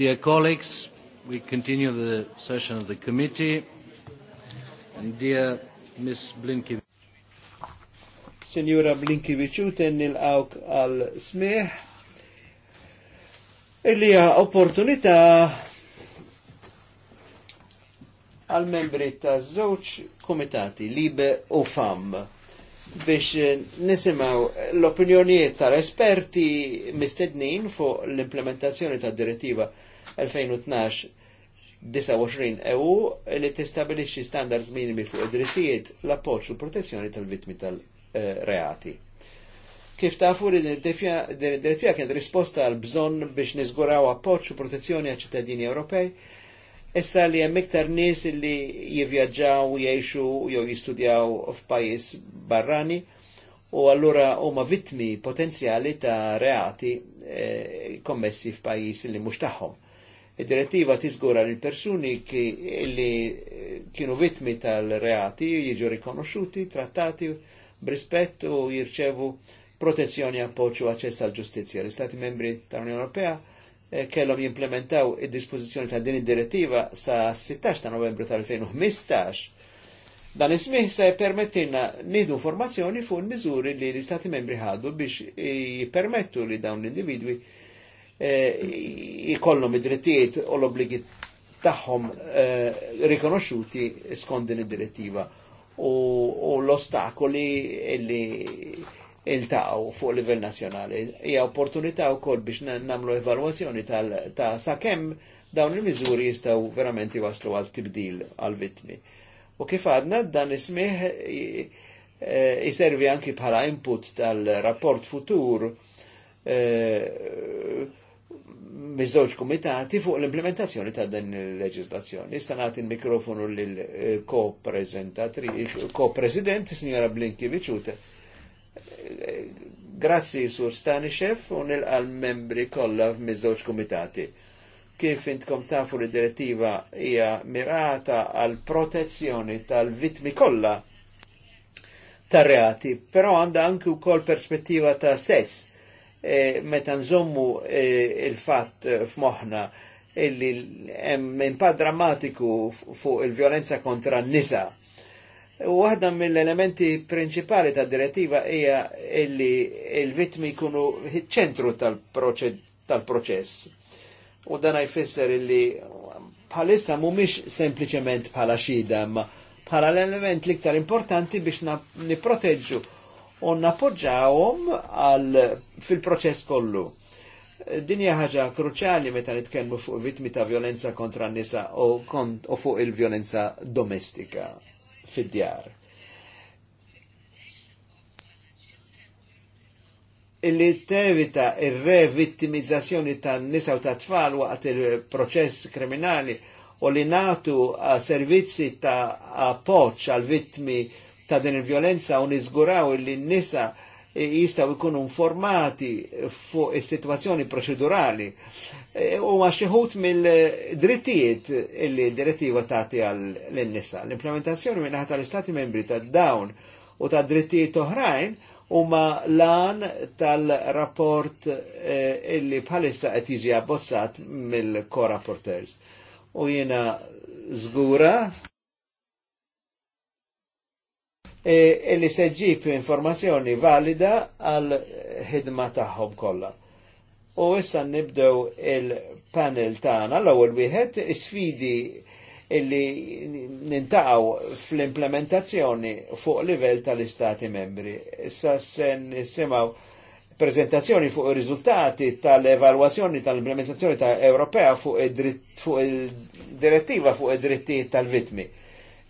Dear colleagues, we continue the session of the committee. And dear Ms. Blinkiewicz. Signora Blinkiewicz, uten nil-għawk għal-smiħ. Illi opportunita għal-membri ta' zoċ komitati, Libe u FAM biex eh, nisimaw l-opinjonijiet tal-esperti mistednin fuq l-implementazzjoni ta' direttiva 2012-29 EU li tistabilixxi standards minimi fuq id-drittijiet l-appoġġ u protezzjoni tal-vittmi tal-reati. Kif tafu li d direttiva kienet risposta għal bżonn biex niżguraw appoġġ u protezzjoni għal ċittadini Ewropej Issa li hemm iktar nies li jivvjaġġaw, jgħixu jew jistudjaw f'pajjiż barrani u allura huma vittmi potenzjali ta' reati eh, kommessi f'pajjiż li mhux tagħhom. Id-direttiva tiżgura li persuni li eh, kienu vittmi tal-reati jiġu rikonoxxuti, trattati b'rispett u jirċevu protezzjoni appoġġ u aċċess għall ġustizzja. L-Istati membri tal-Unjoni Ewropea Eh, kellhom jimplementaw id dispozizjoni ta' din id-direttiva sa' 16 ta' novembru tal-2015. Dan ismih se permettina nidu formazzjoni fuq miżuri li l-Istati membri ħadu biex jipermettu li dawn l-individwi jikollom eh, id-drittijiet u l-obligi tagħhom eh, rikonoxxuti skont din id-direttiva u l-ostakoli li iltaqgħu fuq livell nazzjonali. Hija opportunità wkoll biex nagħmlu evalwazzjoni ta' sakemm dawn il-miżuri jistgħu verament waslu għal tibdil għal vittmi. U kif għadna dan ismih eh, jiservi anki bħala input tal-rapport futur eh, miż komitati kumitati fuq l-implementazzjoni ta' din il-leġislazzjoni. Issa nagħti il-mikrofonu lil eh, ko-president, signora Blinkiewicz, Grazzi sur Stanishev u nilqal membri kollha miż-żewġ komitati. Kif intkom tafu li direttiva hija mirata għal protezzjoni tal-vitmi kollha tar-reati, però għandha anke wkoll perspettiva ta' sess. E, meta nżommu e, il-fatt f'moħħna illi hemm impatt drammatiku fuq il-vjolenza kontra n-nisa Waħda mill-elementi prinċipali ta' direttiva hija illi il-vitmi jkunu ċentru tal-proċess. U dan jfisser illi bħalissa mumiex sempliċement bħala xida, ma bħala l-element liktar importanti biex niproteġġu u napoġġawhom fil-proċess kollu. Din hija ħaġa kruċjali meta nitkellmu fuq vittmi ta' violenza kontra n-nisa u, fuq il-violenza domestika fid-djar. Illi tevita il-revittimizzazzjoni ta' nisa u ta' tfal waqt il-proċess kriminali u li natu servizzi ta' appoċ għal vittmi ta' din il-violenza u nizguraw illi nisa' E jistaw ikunu informati fuq is-sitwazzjoni proċedurali e, u ma xieħut mill-drittijiet illi direttiva tagħti għall-nisa. L-implementazzjoni minn tal-Istati membri ta' dawn u ta' drittijiet oħrajn huma lan tal-rapport e, illi bħalissa qed jiġi abbozzat mill-co-rapporters. U jiena zgura illi e, e se ġib informazzjoni valida għal ħidma tagħhom kollha. U issa nibdew il-panel tagħna l-ewwel wieħed is is-sfidi illi nintaqgħu fl-implementazzjoni fuq livell tal-Istati membri. Issa se nisimgħu prezentazzjoni fuq ir-riżultati tal-evalwazzjoni tal-implementazzjoni ta' Ewropea fuq id-direttiva fuq id-drittijiet dritti tal vitmi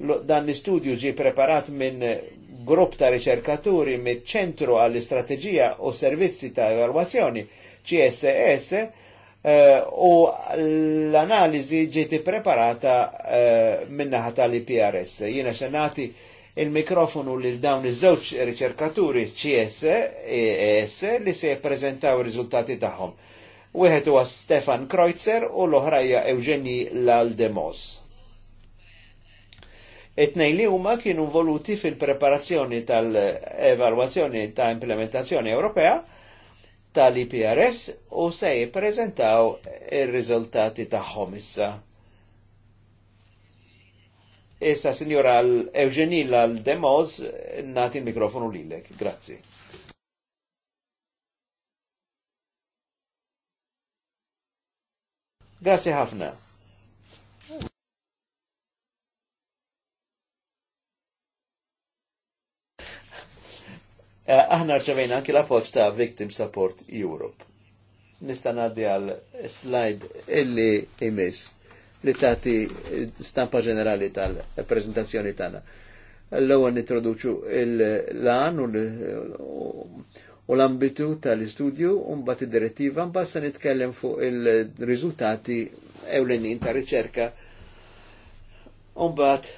dan l-istudju ġi preparat minn grupp ta' riċerkaturi minn ċentru għall-istrateġija u servizzi ta' evalwazzjoni CSS eh, u l-analizi ġieti preparata uh, eh, minnaħat tal-IPRS. Jina xenati il-mikrofonu lil dawn iż-żewġ riċerkaturi CS e li se prezentaw riżultati tagħhom. Wieħed huwa Stefan Kreutzer u l-oħrajja Eugeni Laldemos. Etnej li huma kienu voluti fil-preparazzjoni tal-evalwazzjoni ta' implementazzjoni Ewropea tal-IPRS u se jippreżentaw ir-riżultati tagħhom issa. Issa, Eugenila Eugenilla Demoz, nati l mikrofonu lilek. Grazzi. Grazie ħafna. Eh, aħna rċevejna anki l-appoġġ ta' Victim Support Europe. Nista' ngħaddi għal slide illi imiss li tagħti eh, stampa ġenerali tal-preżentazzjoni tagħna. L-ewwel nintroduċu l għan u l-ambitu tal-istudju u mbagħad id-direttiva mbagħad se nitkellem fuq il-riżultati ewlenin ta' riċerka u mbagħad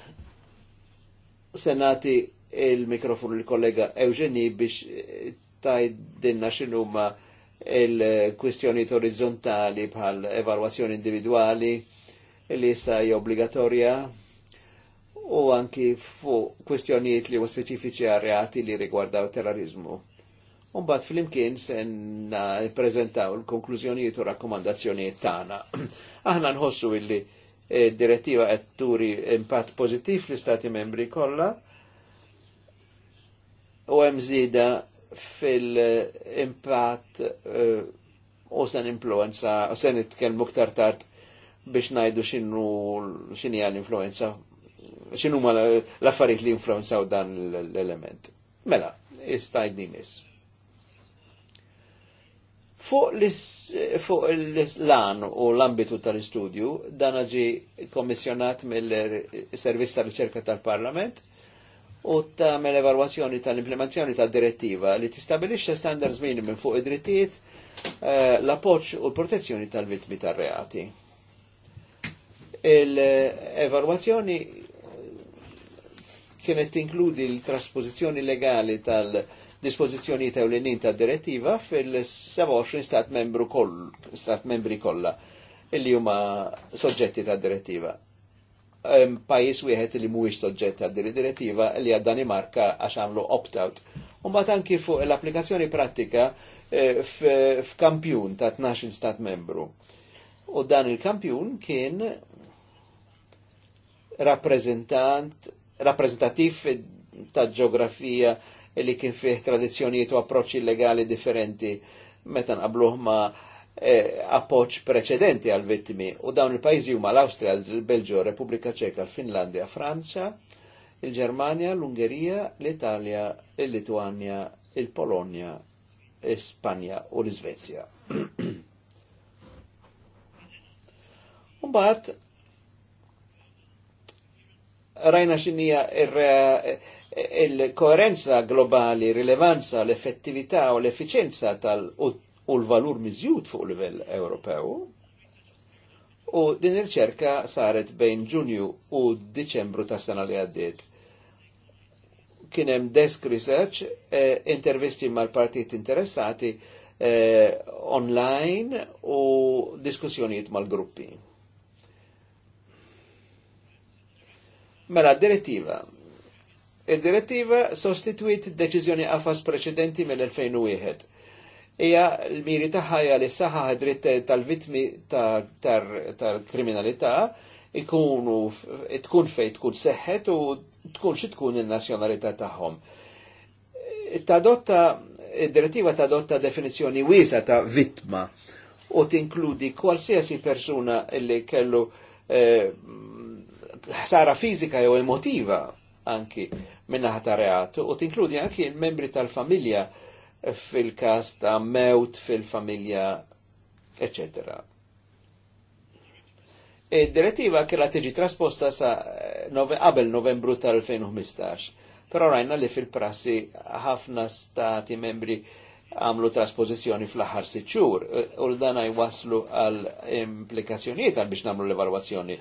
se nagħti il-mikrofonu l-kollega Eugeni biex eh, tajdinna xinuma il-kwistjoni orizzontali bħal evalwazzjoni individuali li issa obbligatorja u anki fuq kwistjonijiet li u speċifiċi għarreati li rigwardaw terrorizmu. Mbagħad flimkien imkien sen prezentaw l-konklużjonijiet u rakkomandazzjonijiet tagħna. Aħna nħossu illi eh, direttiva qed turi impatt pożittiv fl-Istati membri kollha u hemm żieda fil-impatt eh, u sen influenza, u sen nitkellmu aktar tard biex najdu xinu xini għal influenza, xinu ma l-affarijiet li influenzaw dan l-element. Mela, istajd nimis. Fuq l-lan u l-ambitu tal-istudju, dan ġi kommissjonat mill-Servizz tal-Riċerka tal-Parlament, u tagħmel evalwazzjoni tal-implementazzjoni tad-direttiva li tistabilixxa standards minimi fuq id-drittijiet eh, l-appoċ u l-protezzjoni tal-vittmi tar-reati. Il-evalwazzjoni kienet tinkludi l-trasposizjoni legali tal-dispozizjoni ta' l-inin ta' direttiva fil-27 stat, membri kolla illi huma soġġetti ta' direttiva pajis wieħed li mhuwiex soġġett għad direttiva li għad Danimarka għax għamlu opt-out. U mbagħad anki fuq l-applikazzjoni pratika eh, f'kampjun ta' 12 stat membru. U dan il-kampjun kien rappresentant, rappresentativ ta' ġeografija li kien fih tradizzjonijiet u approċċi legali differenti meta nqabluh ma' eh, appoċ preċedenti għal vittimi u dawn il-pajzi huma l austria il-Belġio, Repubblika Ċeka, l finlandia Franza, il-Germania, l-Ungerija, l-Italja, il-Lituania, il polonia l Spanja u l-Svezja. Umbat, rajna xinija eh, il koherenza globali, rilevanza, l-effettività u l-efficienza tal-ut u l-valur miżjud fuq livell Ewropew. U din ir-ċerka saret bejn Ġunju u Diċembru ta' sena li għaddiet. Kien hemm desk research, eh, intervisti mal-partit interessati eh, online u diskussjonijiet mal-gruppi. Mela, direttiva. il direttiva sostituit deċiżjoni għafas preċedenti mill-2001 hija l-miri taħħa li saħħa dritt tal-vitmi tal-kriminalità ikunu tkun fej tkun seħħet u tkun xi tkun in-nazzjonalità tagħhom. Tadotta id-direttiva tadotta definizzjoni wiesa ta' vittma u tinkludi kwalsiasi persuna li kellu eh, ħsara fizika jew emotiva anki minnaħa ta' reat u tinkludi anki il-membri tal-familja fil-kas ta' mewt fil-familja, eccetera. Id-direttiva kella tiġi trasposta sa eh, qabel novembru tal-2015, però rajna li fil-prassi ħafna stati membri għamlu trasposizjoni fl-aħħar sitxur eh, u l-dan jwaslu għal implikazzjonijiet għal biex namlu l-evalwazzjoni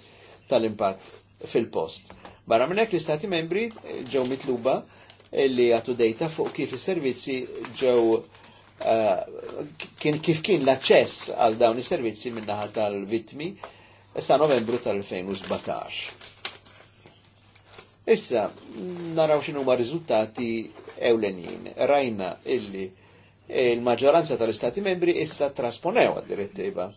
tal-impatt fil-post. Barra minnek l-istati membri ġew mitluba illi għatu dejta fuq kif is-servizzi ġew uh, kif kien l-aċċess għal dawn is-servizzi minnaħa tal-vittmi sa novembru tal-2017. Issa, naraw xinu ma rizultati ewlenin. Rajna illi il-maġġoranza tal-Istati membri issa trasponew għad-direttiva.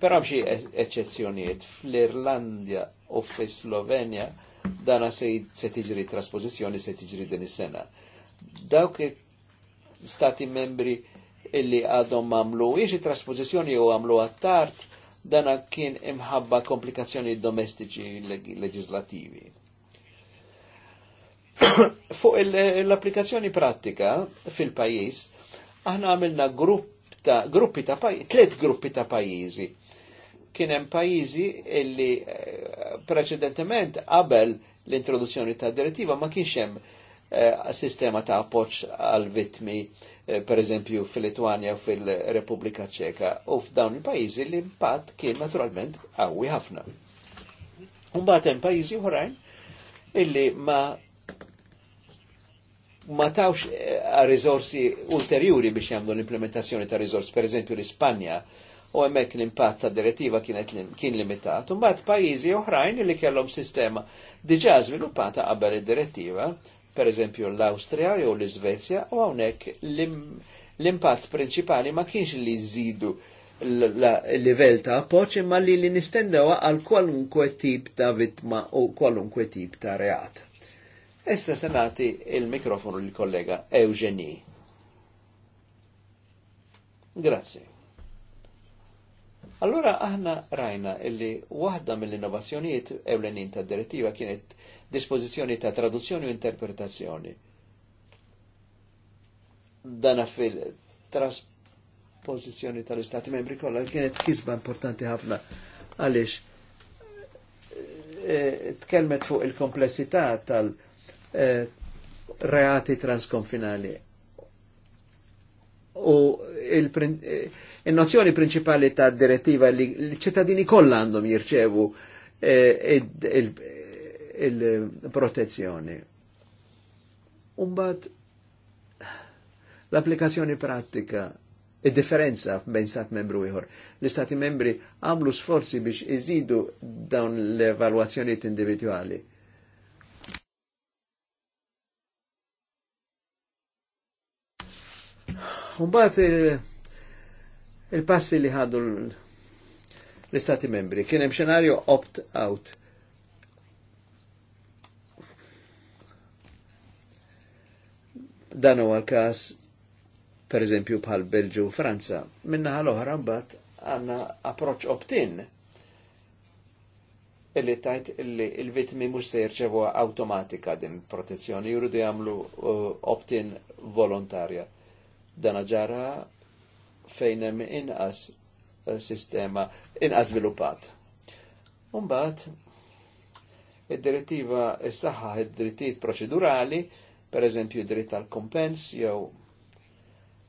Però xi eccezzjonijiet fl-Irlandja u fl-Slovenja dana se tiġri trasposizjoni se tiġri din is-sena. Dawk stati membri illi għadhom għamlu iġi trasposizjoni u għamlu għattart dana kien imħabba komplikazzjoni domestiċi leġislativi. Fuq l-applikazzjoni pratika fil-pajis, aħna għamilna gruppi ta' pajizi, tliet gruppi ta' pajjiżi kien hemm pajjiżi li eh, preċedentement qabel l-introduzzjoni ta' direttiva ma kienx hemm eh, sistema ta' appoġġ għal vitmi eh, per eżempju fil-Litwanja u fil-Repubblika Ċeka u f'dawn il-pajjiżi l-impatt kien naturalment qawwi ħafna. Mbagħad hemm pajjiżi oħrajn illi ma ma tawx risorsi ulterjuri biex jamdu l-implementazzjoni ta' risorsi, per eżempju l-Ispanja u hemmhekk l-impatt ta' direttiva kienet kien limitat. Un mbagħad pajjiżi oħrajn li kellhom sistema diġa żviluppata qabel id-direttiva, per eżempju l austria jew l-Iżvezja, u hawnhekk l-impatt prinċipali ma kienx li jżidu l-livell ta' appoċ imma li li nistendewa għal kwalunkwe tip ta' vitma u kwalunkwe tip ta' reat. Issa senati il-mikrofonu l-kollega Eugeni. Grazie. Allora aħna rajna illi waħda mill-innovazzjonijiet ewlenin ta' direttiva kienet dispożizzjoni ta' traduzzjoni u interpretazzjoni. Dana fil-trasposizjoni tal-Istati membri kollha kienet kisba importanti ħafna għaliex eh, tkellmet fuq il-komplessità tal-reati eh, transkonfinali u eh, il-nozzjoni principali ta' direttiva li l-ċittadini kollha għandhom jirċevu eh, il-protezzjoni. Umbat l-applikazzjoni pratika il differenza bejn stat membru ieħor. L-istati membri għamlu sforzi biex iżidu dawn l-evalwazzjonijiet individwali Umbat il-passi li ħadu l-Istati membri kien hemm xenarju opt-out. Dan huwa l-każ per eżempju bħal Belġu u Franza. Minnaħa l-oħra mbagħad għandna approċċ opt-in illi tajt illi il-vitmi mux se jirċevu automatika din protezzjoni, juru di għamlu uh, opt-in volontarja. Dan ġara fejn hemm inqas eh, sistema inqas sviluppat. Umbagħad id-direttiva s-saħħa id-drittijiet proċedurali, per eżempju id-dritt tal-kompens jew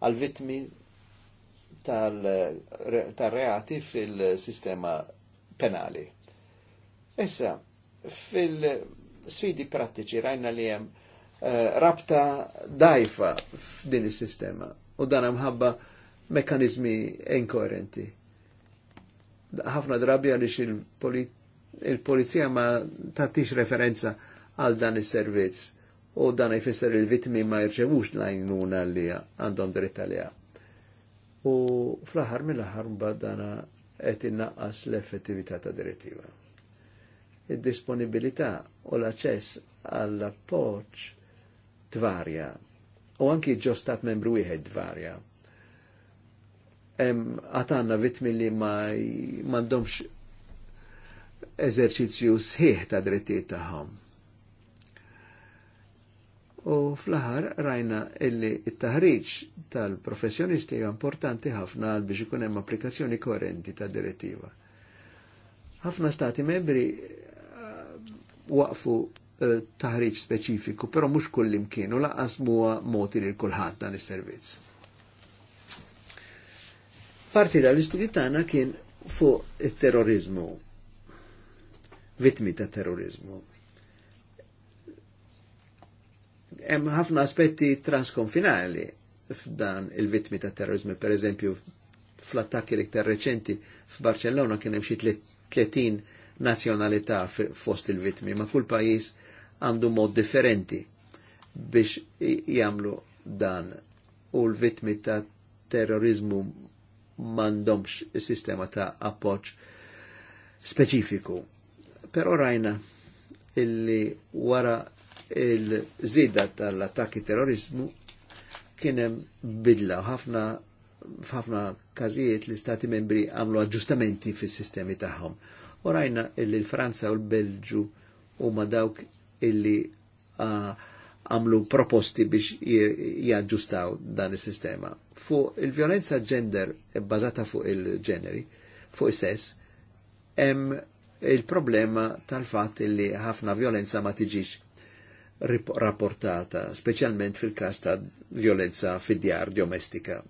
għal-vitmi tal-reati fil-sistema penali. Issa, fil-sfidi prattiċi rajna li hemm Eh, rabta dajfa f'din is-sistema u dan mħabba mekkanizmi inkoerenti. Ħafna drabi għaliex il-polizija ma tattix referenza għal dan is-servizz u dan jfisser il-vitmi ma jirċevux l-għajnuna li għandhom dritt għalija. U fl-ħar mill-ħar dana qed innaqqas l-effettività ta' direttiva. Id-disponibilità u l-aċċess għall-appoġġ tvarja. U anki ġostat membru wieħed tvarja. Għatanna vitmi li ma mandomx eżerċizzju sħiħ ta' drittijiet tagħhom. U fl-aħħar rajna illi it-taħriġ tal-professjonisti hija importanti ħafna għal biex ikun hemm applikazzjoni koerenti ta' direttiva. Ħafna stati membri uh, waqfu Eh, taħriġ speċifiku, però mhux kullimkien u laqas muwa moti lil kulħadd dan is-servizz. Parti l istudju tagħna kien fuq it-terrorizmu, vitmi ta' terrorizmu. Hemm ħafna aspetti transkonfinali f'dan il-vitmi ta' terrorizmu, per eżempju fl-attakki l-iktar reċenti f'Barcellona kien hemm xi 30 nazzjonalità fost il-vitmi, ma' kull pajjiż għandu mod differenti biex jamlu dan u l-vitmi ta' terrorizmu mandomx sistema ta' appoċ specifiku. Pero rajna illi wara il zida tal-attakki terrorizmu kienem bidla ħafna f'ħafna każijiet l-istati membri għamlu aġġustamenti fis-sistemi tagħhom. U rajna illi l-Franza u l-Belġu huma dawk illi ah, għamlu proposti biex jaġġustaw dan is-sistema. Fu il-violenza gender eh, bazata fuq il-ġeneri, fuq is-sess, hemm il-problema tal-fatt li ħafna violenza ma tiġix rapportata, specialment fil-kas ta' violenza fid-djar domestika.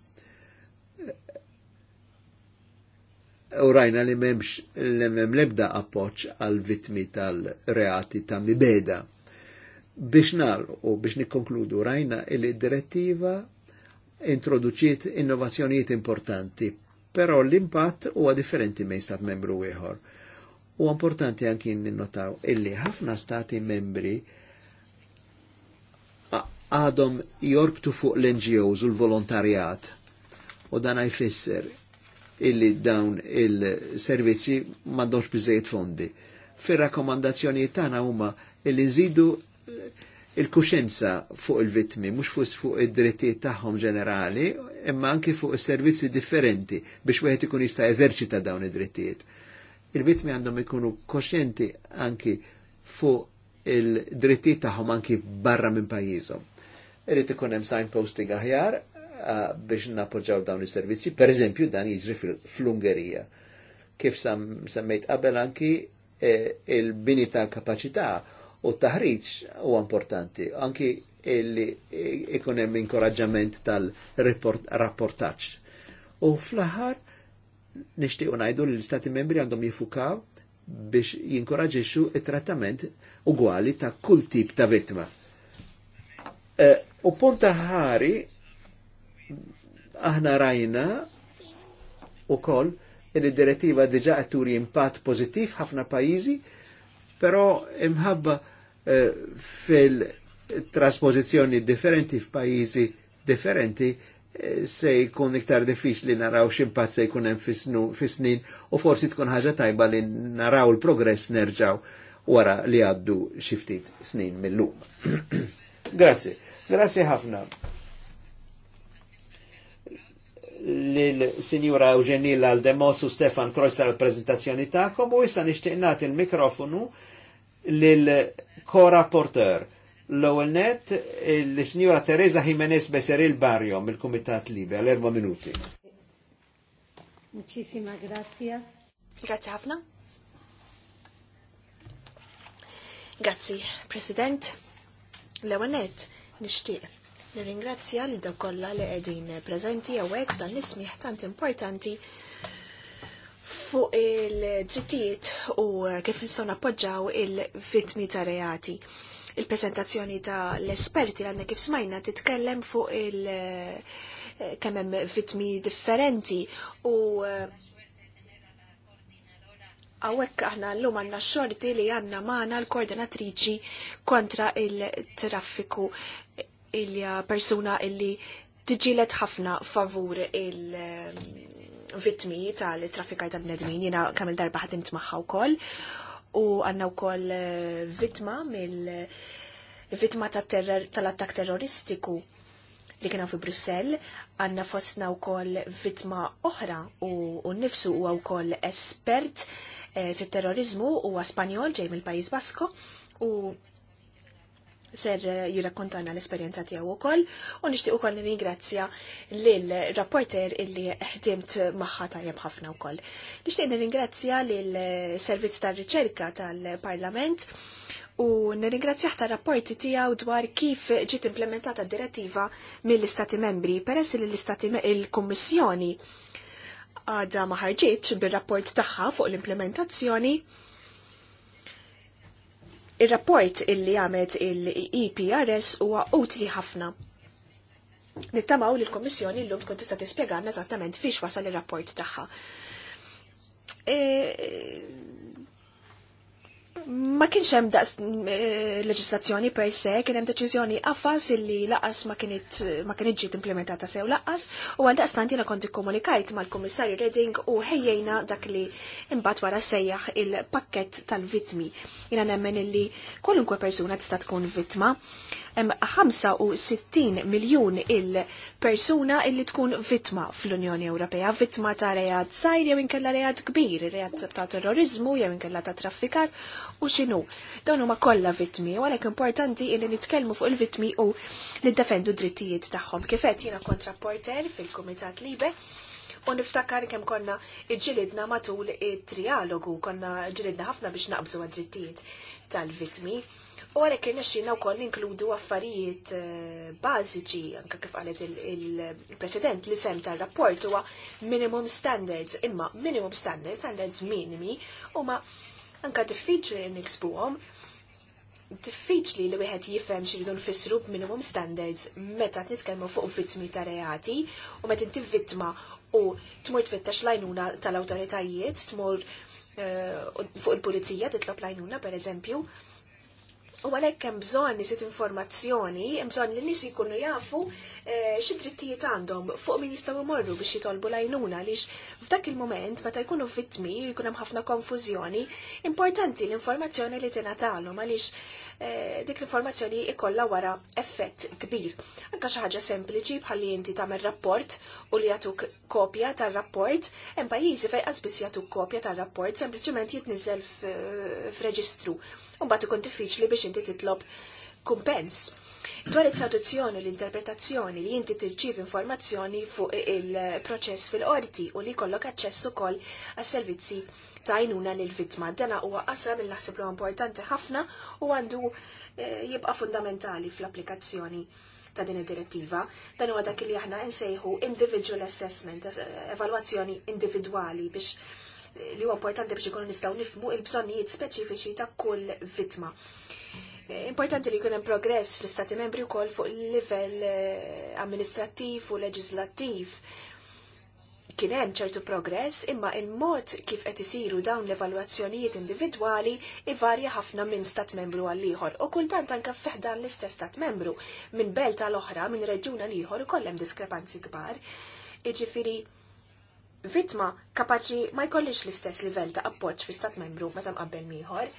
u rajna li memx l-mem lebda appoċ għal vitmi tal-reati ta' mibeda. Biex nar u biex nikkonkludu rajna il-direttiva introduċiet innovazzjonijiet importanti, però l-impatt huwa differenti minn stat membru ieħor. U importanti anki ninnotaw illi ħafna stati membri għadhom jorbtu fuq l-NGOs u l-volontarjat. U dan jfisser illi dawn il-servizzi m'għandhomx bizzejt fondi. Fir-rakkomandazzjonijiet tagħna huma illi zidu il-kuxenza fuq il-vittmi, mux fuq fu id-drittijiet tagħhom ġenerali, imma anki fuq il servizzi differenti biex wieħed ikun jista' eżerċita dawn id-drittijiet. Il-vittmi għandhom ikunu koxenti anki fuq il-drittijiet tagħhom anki barra minn pajjiżhom. Irid ikun hemm signposting aħjar biex napoġaw dawn is-servizzi, per eżempju dan jiġri fl-Ungerija. Kif semmejt qabel anki e, il-bini tal-kapacità u taħriġ u importanti, anki illi ikunem inkoraġġament tal rapportaċ U fl ħar nixtiequ unajdu li l-Stati membri għandhom jifukaw biex jinkoraġixxu il trattament ugwali ta' kull tip ta' vittma. E, u punta ħari aħna rajna u koll il-direttiva diġa għatturi impatt pozitif ħafna pajizi, pero imħabba eh, fil-trasposizjoni differenti f'pajizi differenti eh, se jkun iktar diffiċ li naraw ximpat se jkun hemm fis-snin u forsi tkun ħaġa tajba li naraw l progress nerġaw wara li għaddu xiftit snin mill-lum. Grazie, grazie ħafna l-Sinjura Eugenilla Aldemos u Stefan Kross tal-prezentazzjoni ta'kom u issa nixtieq il-mikrofonu lil-Korapporter. L-ewwel net l-Sinjura Teresa Jimenez Beseril Barrio mill-Kumitat Libe għal erba' minuti. Muchísimas gracias. Grazie ħafna. Grazzi, President. L-ewwel net nixtieq Nirringrazzja li daw kollha li qegħdin preżenti hawnhekk dan l-ismieħ tant importanti fuq il-drittijiet u kif nistgħu nappoġġaw il-vittmi ta' reati. Il-presentazzjoni ta' l-esperti għandna kif smajna titkellem fuq il- eh, kemm hemm vittmi differenti u għawek eh, aħna l-lum għanna xorti li għanna maħna l-koordinatriċi kontra il-traffiku ilja persuna illi tġilet ħafna favur il-vitmi ehm, tal-traffikar tal-bnedmin, jena kamil darba ħadimt maħħa u koll, u għanna eh, u koll vitma mill-vitma tal-attak terroristiku li kena fi Brussel, għanna fosna u koll vitma oħra u nifsu u għaw koll espert eh, fit-terrorizmu u għaspanjol ġej mill pajiz Basko u ser eh, jirrakkontana l-esperienza tiegħu wkoll u nixtieq ukoll nirringrazzja lil rapporter illi ħdimt magħha tajjeb ħafna wkoll. Nixtieq nirringrazzja lil eh, servizz tar-riċerka tal-Parlament u nirringrazzjaħ ta' rapporti tiegħu dwar kif ġiet implementata d-direttiva mill-Istati Membri peress li l-Istati il-Kummissjoni għadha ma ħarġitx bir-rapport tagħha fuq l-implementazzjoni Il-rapport illi għamet il-EPRS huwa utli ħafna. Nittamaw li l-Komissjoni l-lum tkun tista' tispjegana eżattament fiex wasal ir rapport tagħha. E, ma kienx hemm daqs eh, leġislazzjoni per se, kien hemm deċiżjoni affas illi laqas ma kienet ma kienet ġiet implementata sew laqas u għal daqs jiena kont ikkomunikajt mal-Kummissarju Reding u ħejjejna dak li imbagħad wara sejjaħ il-pakkett tal-vitmi. Jiena nemmen illi kwalunkwe persuna tista' tkun vittma. Hemm 65 miljun il persuna illi tkun vittma fl-Unjoni Ewropea, vittma ta' rejad sajr jew inkella rejad kbir, rejad ta' terrorizmu jew inkella ta' traffikar u xinu. Dawn huma kollha vittmi, u għalhekk importanti illi nitkellmu fuq il-vittmi u defendu drittijiet tagħhom. Kifet jiena kontrapporter fil-Kumitat Libe u niftakar kemm konna i-ġilidna matul it-trialogu, konna ġilidna ħafna biex naqbżu għadrittijiet drittijiet tal-vitmi. U għalek kien xina wkoll inkludu affarijiet eh, bażiċi anke kif qalet il-President li sem tal rapport huwa minimum standards, imma minimum standards, standards minimi, huma anke diffiċli niksbuhom diffiċli li wieħed jifhem xiridu nfissru b'minimum standards meta nitkellmu fuq vittmi ta' reati u meta inti vittma u tmur tfittex lajnuna tal-autoritajiet, tmur eh, fuq il-pulizija titlob lajnuna per eżempju, U għalhekk hemm bżonn nisit informazzjoni, hemm bżonn li nies jkunu jafu eh, xi drittijiet għandhom fuq min jistgħu jmorru biex jitolbu lajnuna għaliex f'dak il-moment meta jkunu vittmi jkun hemm ħafna konfużjoni, importanti l-informazzjoni li tingħatalhom għaliex eh, dik l-informazzjoni ikolla wara effett kbir. Anke xi ħaġa sempliċi bħalli inti tagħmel rapport u li jagħtuk kopja tar-rapport, hemm pajjiżi fejn qas biss jagħtuk kopja tar-rapport sempliċement jitniżel f'reġistru. F- u bat ikun diffiċli biex inti titlob kumpens. Dwar it-traduzzjoni u l-interpretazzjoni li inti tirċiv informazzjoni fuq il-proċess fil-qorti u li kollok aċċess ukoll għas-servizzi ta' għajnuna lill-vittma. Dana huwa qasam il naħseb importanti ħafna u għandu eh, jibqa' fundamentali fl-applikazzjoni ta' din id-direttiva, dan huwa dak li aħna nsejħu individual assessment, evalwazzjoni individwali biex li huwa importanti biex ikunu nistgħu nifmu il-bżonnijiet speċifiċi ta' kull vittma. Eh, importanti li jkun hemm progress fl-Istati membri wkoll fuq il-livell eh, amministrattiv u leġislattiv. Kien hemm ċertu progress, imma il-mod kif qed isiru dawn l-evalwazzjonijiet individwali ivarja ħafna minn stat membru għal ieħor u kultant anke fiħdan l-istess stat membru minn belt għal oħra minn reġjuna l ieħor ukoll hemm diskrepanzi kbar. Iġifieri vittma kapaċi ma jkollix l-istess livell ta' appoġġ fi stat membru meta mqabbel miħor.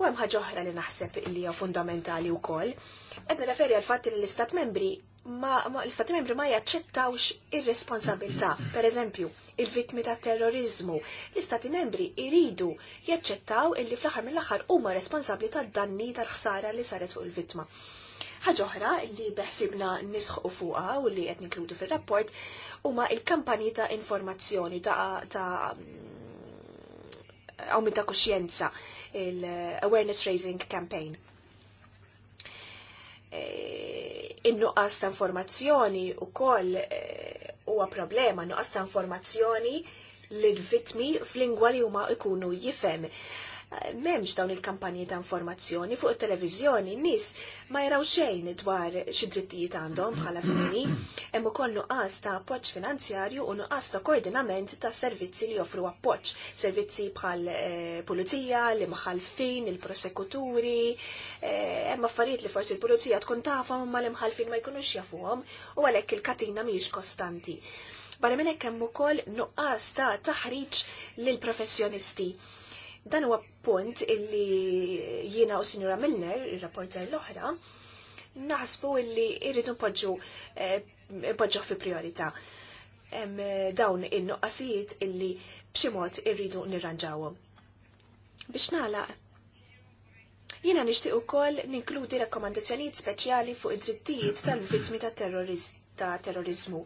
U hemm ħaġa oħra li naħseb li hija fundamentali wkoll, qed nirreferi għal fatt li l-istat membri ma, ma l-istati membri ma jaċċettawx ir-responsabilità. Per eżempju, il-vittmi ta' terrorizmu. L-istati membri iridu jaċċettaw illi fl-aħħar mill-aħħar huma responsabbli tad danni tal-ħsara li saret fuq il-vittma. Ħaġa oħra li beħsibna nisħu fuqha u li qed ninkludu fir-rapport huma il-kampanji ta' informazzjoni ta' ta' mm, ta' kuxjenza, il-awareness raising campaign. E, in-nuqqas ta' informazzjoni wkoll e, huwa problema, nuqqas ta' informazzjoni l-vitmi fl-lingwa li huma jkunu jifhem memx dawn il-kampanji ta' informazzjoni fuq il-televizjoni, nis ma jaraw xejn dwar xidrittijiet għandhom bħala vittmi, hemm ukoll nuqqas ta' appoġġ finanzjarju u nuqqas ta' koordinament ta' servizzi li joffru appoġġ, servizzi bħal eh, pulizija, li maħalfin, il-prosekuturi, eh, hemm affarijiet li forsi l-pulizija tkun tafhom ma l-imħalfin ma jkunux jafuhom u għalhekk il-katina mhijiex kostanti barra minn hekk hemm ukoll nuqqas ta' taħriġ lil professjonisti Dan huwa punt illi jiena u Sinjura Milner, il-rapporter l-oħra, naħsbu illi irridu npoġġu eh, npoġġu fi priorità. Eh, dawn in-nuqqasijiet illi b'xi mod irridu nirranġawhom. Biex nagħlaq Jiena nixtieq ukoll ninkludi rakkomandazzjonijiet speċjali fuq id-drittijiet tal-vittmi ta' terrorizmu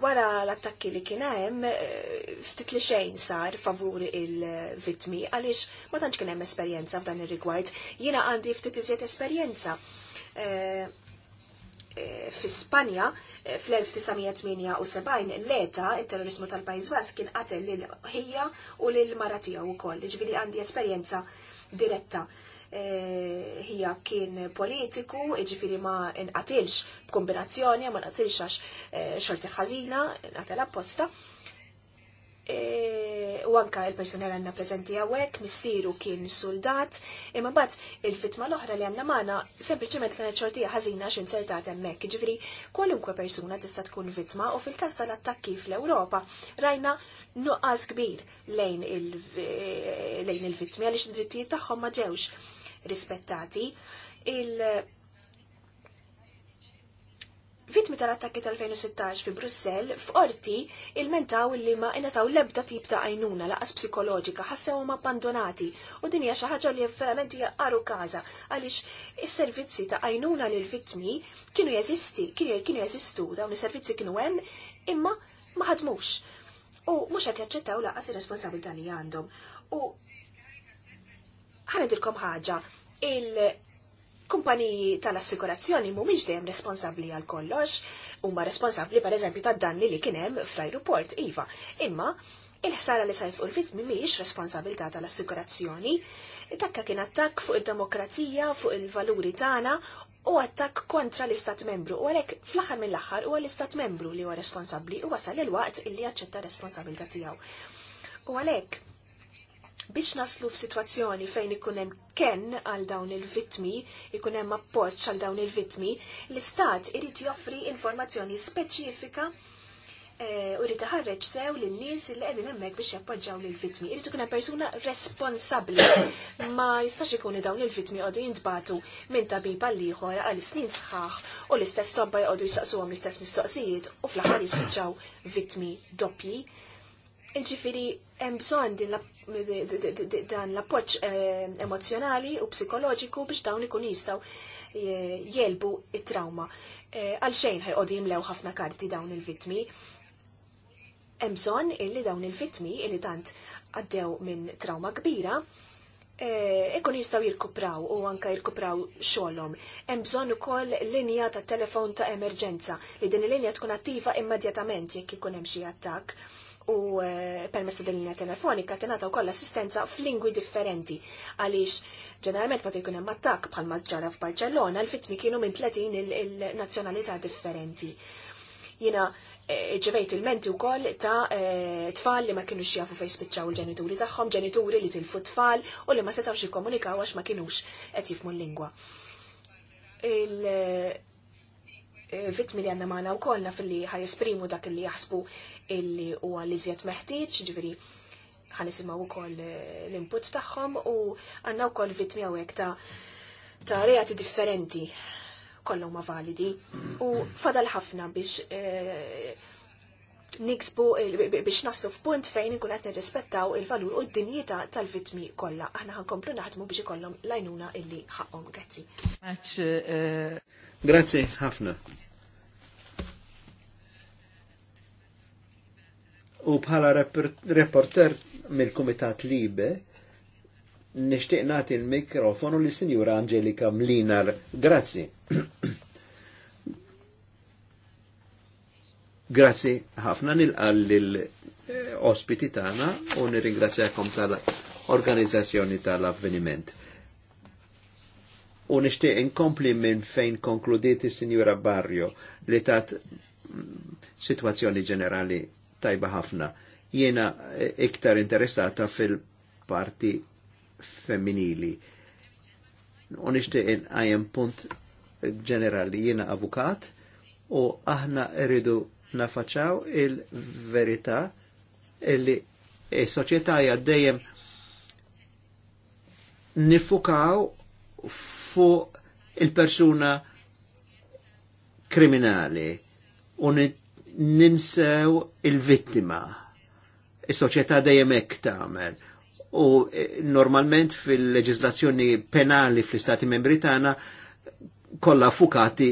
wara l-attakki li kien hemm eh, ftit li xejn sar favur il-vitmi għaliex ma tantx kien hemm esperjenza f'dan ir-rigward. Jiena għandi ftit iżjed esperjenza. Eh, eh, fi Spanja fl-1978 l-eta il-terrorizmu tal-Pajjiż Bask kien qatel lil ħija u lil mara tiegħu wkoll, ġifieri għandi esperjenza diretta hija kien politiku, iġifiri ma inqatilx b'kombinazzjoni, ma nqatilx għax eh, xorti ħażina, nqatel apposta. Eh, u anka il-personel għanna prezenti għawek, missiru kien soldat, imma bat il-fitma l-oħra li għanna maħna sempliciment kienet xortija ħażina xin sertat emmek, iġifiri kwalunkwe persuna tista tkun vitma u fil-kas tal-attakki fl-Europa rajna nuqqas kbir lejn il-vitmi eh, għalix drittijiet tagħhom ma ġewx rispettati. Il Vitmi tal-attakki tal-2016 fi Brussell, f'orti, il-mentaw li ma inataw lebda tip ta' għajnuna laqas psikoloġika, ħassew ma' abbandonati, u dinja xaħġa li verament jaqaru kaza, għalix il-servizzi ta' għajnuna l vitmi kienu jeżisti, kienu jeżistu, dawn il-servizzi kienu hemm, imma ma ħadmux. U mux għat jaċċettaw laqas il-responsabilta li għandhom. U ħanedilkom ħaġa, il-kumpaniji tal-assikurazzjoni mhumiex dejjem responsabbli għal kollox, huma responsabbli pereżempju tad-danni li kien hemm fl-ajruport iva, imma il-ħsara li sajt fuq il-vittmi mhijiex responsabilità tal-assikurazzjoni, takka kien attakk fuq id-demokrazija, fuq il-valuri tagħna u attak kontra l-istat membru u għalek fl-axar mill-axar u l-istat membru li huwa responsabli u wasal il-waqt illi jaċċetta responsabilità tiegħu. U għalek Biex naslu f'sitwazzjoni fejn ikun hemm kenn għal dawn il-vitmi, ikun hemm appoġġ għal dawn il-vitmi, l-Istat irid joffri informazzjoni speċifika eh, u rrit ħarreġ sew l-nies li qegħdin hemmhekk biex jappoġġaw l vittmi Irid ikun persuna responsabbli ma jistax ikuni dawn il-vittmi għodu jintbatu minn tabib għal għal snin sħaħ u l-istess tobba jqogħdu għom l-istess mistoqsijiet u fl-aħħar jispiċċaw vittmi doppji. Iġifiri, hemm bżonn din dan l-appoċ eh, emozjonali u psikoloġiku biex dawn ikun jistaw eh, jelbu it-trauma. Eh, Għalxejn ħajqod jimlew ħafna karti dawn il-vitmi. Emżon illi dawn il-vitmi illi tant għaddew minn trauma kbira ikun jistaw jirkupraw u anka jirkupraw xolom. Hemm bżonn ukoll linja ta' telefon ta' emerġenza li din il-linja tkun attiva immedjatament jekk ikun hemm xi attakk u eh, permessa din linja telefonika tenata wkoll assistenza f'lingwi differenti għaliex ġeneralment meta jkun hemm attakk bħalma ġara f'Barċellona l-fitmi kienu minn 30 il-nazzjonalità differenti. Jiena ġivejt eh, il-menti wkoll ta' eh, tfal li ma kienu jafu fejn spiċċaw il-ġenituri tagħhom, ġenituri li tilfu tfal u li ma setgħux jikkomunikaw għax ma kienux qed jifmu l-lingwa vittmi li għanna maħna u kolna fil-li esprimu dak li jaħsbu illi eh, u għal-iżjed meħtieġ, ġviri ħanisimaw u koll l-input taħħom u għanna u koll vittmi għawek ta' ta' reati differenti kollu ma validi u fadal ħafna biex eh, niksbu biex naslu f'punt fejn inkun qed nirrispettaw il-valur u d-dinjità tal-vitmi kollha. Aħna ħankomplu naħdmu biex ikollhom lajnuna illi ħaqhom. Grazzi. Eh, Grazzi ħafna. U bħala reporter mill-Kumitat Libe, nishtiq nagħti l-mikrofonu lis Sinjura Angelika Mlinar. Grazzi. Grazzi ħafna nilqal l-ospiti eh, tagħna u nirringrazzjakom tal-organizzazzjoni tal-avveniment. U nixtieq inkompli minn fejn konkludiet is-Sinjura Barrio li tat mm, situazzjoni ġenerali tajba ħafna. Jiena eh, iktar interessata fil-parti femminili. U nixtieq in punt ġenerali jiena avukat u aħna rridu nafaċaw il-verità illi il-soċieta jaddejem dejjem nifukaw fuq il-persuna kriminali u ninsew il-vittima. il soċjetà dejjem ek tagħmel u eh, normalment fil-leġislazzjoni penali fl-Istati Membri tagħna kollha fukati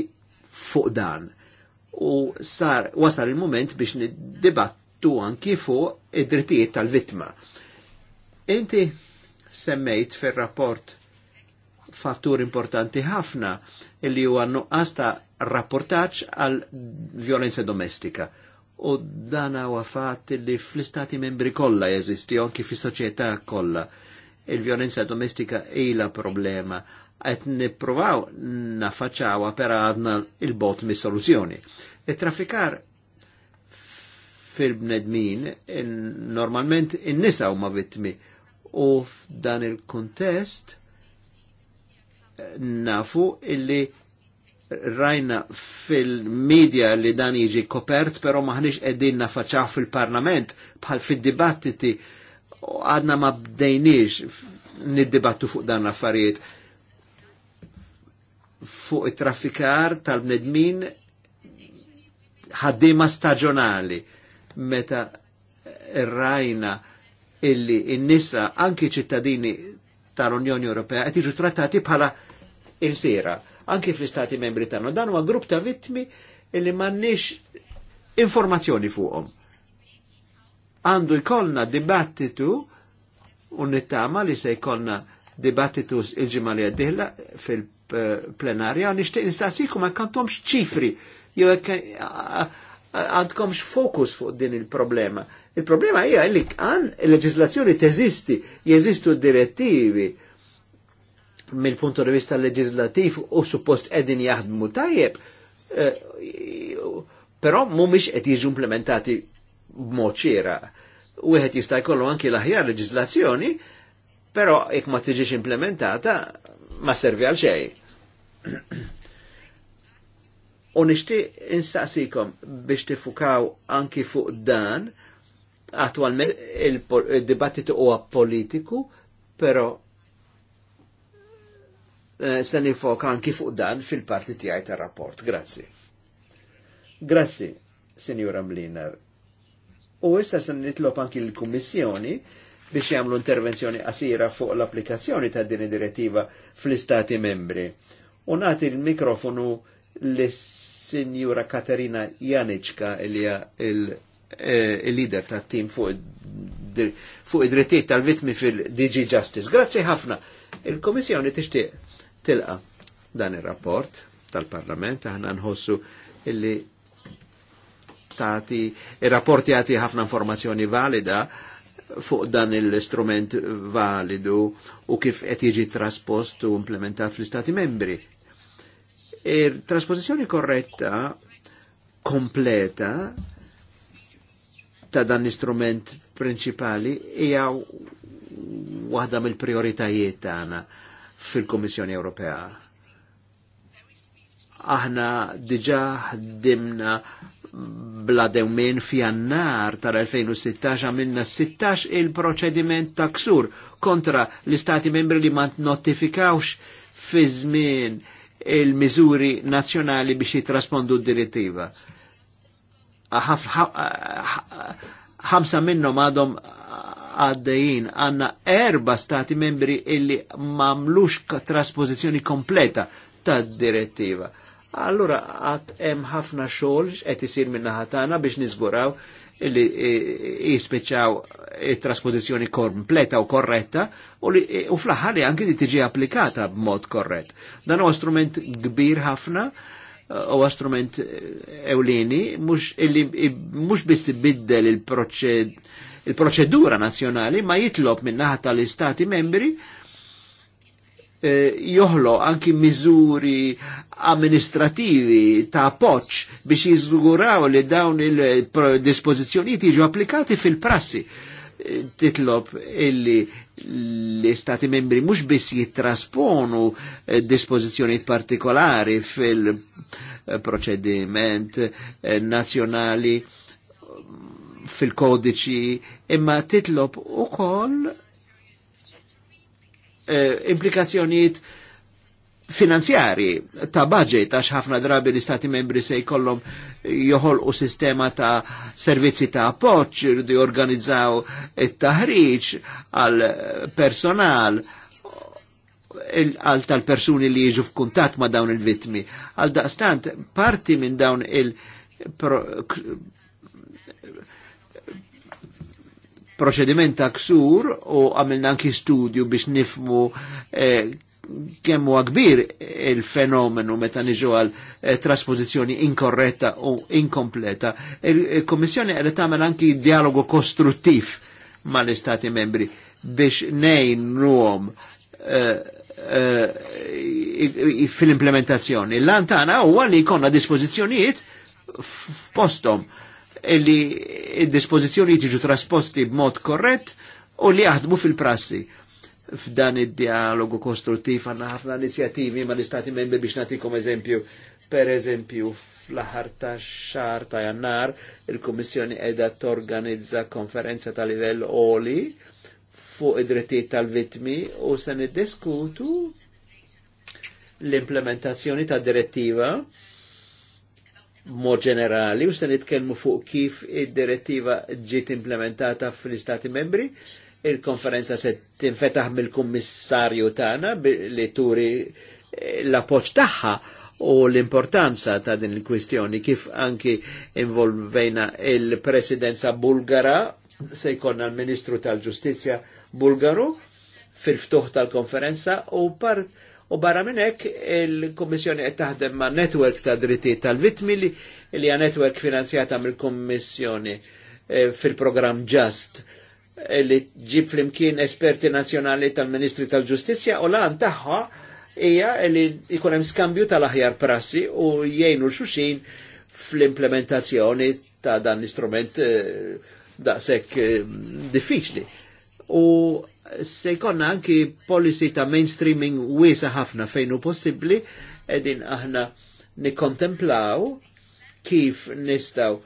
fuq dan u sar wasar il-moment biex niddibattu anki fuq id-drittijiet tal-vittma. Inti semmejt fil rapport fattur importanti ħafna illi huwa nuqqas ta' rapportaċ għal violenza domestika. U dan huwa fatt li fl-istati membri kollha jeżisti anki fis-soċjetà kollha. Il-violenza domestika ila problema qed nippruvaw nafaċċawha pera għadna il-bot mis-soluzzjoni. Il-traffikar fil-bnedmin normalment in-nisa huma vittmi u f'dan il kontest nafu illi rajna fil-medja li dan jiġi kopert, pero maħniġ qegħdin nafaċaw fil-parlament bħal fid-dibattiti għadna ma bdejniex niddibattu fuq dan l-affarijiet fuq it-traffikar tal-bnedmin ħaddima staġjonali meta rajna illi n-nisa anki ċittadini tal-Unjoni Ewropea qed jiġu trattati bħala insira anki fl-istati membri tagħna. Dan huwa grupp ta' vittmi illi m'għandniex informazzjoni fuqhom. Għandu jkollna dibattitu u nittama li se jkollna dibattitu il ġimali għaddihla fil plenarja, nishtiq nistaqsikum għak għandhomx ċifri, jew għandkom fokus fuq din il-problema. Il-problema hija li għan il-leġislazzjoni teżisti, jeżistu direttivi mill punto di vista leġizlativ u suppost edin jaħdmu tajjeb, eh, però mumiex qed jiġu implementati b'mod ċira. Wieħed jista' jkollu anki l-aħjar leġislazzjoni, però jekk ma tiġix implementata, ma servi għal xej. U nixtieq insaqsikom biex tifukaw anki fuq dan, attualment il-dibattitu huwa politiku, però eh, se nifoka anki fuq dan fil-parti tiegħi tar-rapport. Grazzi. Grazzi, Signora Mlinar. U issa se nitlob anki l-Kummissjoni biex jagħmlu intervenzjoni qasira fuq l-applikazzjoni ta' din id-direttiva fl-istati membri. U nagħti l-mikrofonu lis-Sinjura Katerina Janiczka li hija eh, il-leader tat tim fuq id-drittijiet tal-vitmi fil-DG Justice. Grazzi ħafna. Il-Komissjoni tixtieq tilqa dan ir-rapport tal-Parlament aħna nħossu illi tagħti ir-rapporti jagħti ħafna informazzjoni valida fuq dan l-istrument validu u kif qed jiġi traspost u implementat fl-Istati membri. Il-trasposizjoni korretta, kompleta, ta' dan l-istrument principali hija waħda mill-prioritajiet tagħna fil-Kummissjoni Ewropea. Aħna diġà ħdimna bla dewmin f'jannar tar 2016 għamilna 16 il-proċediment ta' ksur kontra l-istati membri li ma notifikawx fi żmien il-miżuri nazzjonali biex jitraspondu d-direttiva. Ħamsa minnhom għadhom għaddejjin għanna erba stati membri illi mamlux trasposizjoni kompleta tad direttiva allura għat hemm ħafna xogħol qed isir minnaħa ħatana biex niżguraw illi jispiċċaw it-trasposizjoni kompleta u korretta u, li, u fl-aħħar li anki li tiġi applikata b'mod korrett. Dan huwa strument kbir ħafna u strument ewlieni mhux mhux biss ibiddel il-proċedura il nazzjonali ma jitlob minn-naħa tal-istati membri Eh, joħlo anki mizuri amministrativi ta' poċ biex jizguraw li dawn il-dispozizjoniet jiġu applikati fil-prassi. Eh, titlob illi l-istati membri mux biss jittrasponu eh, dispozizjoniet partikolari fil-proċediment nazjonali fil-kodiċi imma titlob u koll eh, implikazzjonijiet finanzjari ta' budget għax ħafna drabi li Stati membri se jkollhom joħol u sistema ta' servizzi ta' appoċ, li jorganizzaw it-taħriġ għal personal għal tal-persuni li jiġu f'kuntat ma' dawn il-vitmi. Għal daqstant, parti minn dawn il- proċediment ta' ksur u għamilna anki studju biex nifmu kemmu eh, kemm kbir il-fenomenu meta niġu għal eh, trasposizjoni inkorretta u inkompleta. Il-Kommissjoni qed tagħmel anki dialogu kostruttiv mal-Istati membri biex nejnuhom eh, fil-implementazzjoni. L-lan u huwa li dispozizjoniet f-postom li il dispożizzjoni jiġu trasposti b'mod korrett u li jaħdmu fil-prassi. F'dan id-dialogu kostruttiv għanna ħafna inizjativi ma l-istati membri biex natikom eżempju. Per eżempju, fl ħar ta' xar ta' jannar, il-Kommissjoni edha torganizza konferenza ta' livell oli fuq id-drittijiet tal-vitmi u se niddiskutu l-implementazzjoni ta' direttiva mod ġenerali u se nitkellmu fuq kif id-direttiva ġiet implementata fl-Istati membri. Il-konferenza se tinfetaħ mill-kummissarju tagħna li turi eh, l-appoġġ tagħha u l-importanza ta' din il-kwistjoni kif anki involvejna il-presidenza bulgara se jkollna l-Ministru tal-Ġustizzja Bulgaru fil-ftuħ tal-konferenza u part U barra minn hekk il-Kummissjoni qed taħdem ma' netwerk ta' drittijiet tal vitmi li hija netwerk finanzjata mill-Kummissjoni eh, fil-programm Just eh, li ġib flimkien esperti nazjonali tal-Ministri tal ġustizzja u lan tagħha hija li jkun hemm skambju tal-aħjar prassi u jgħinu xuxin fl-implementazzjoni ta' dan l-istrument eh, daqshekk diffiċli. U se jkonna anki policy ta' mainstreaming wiesa ħafna fejn hu possibbli edin aħna nikontemplaw kif nistaw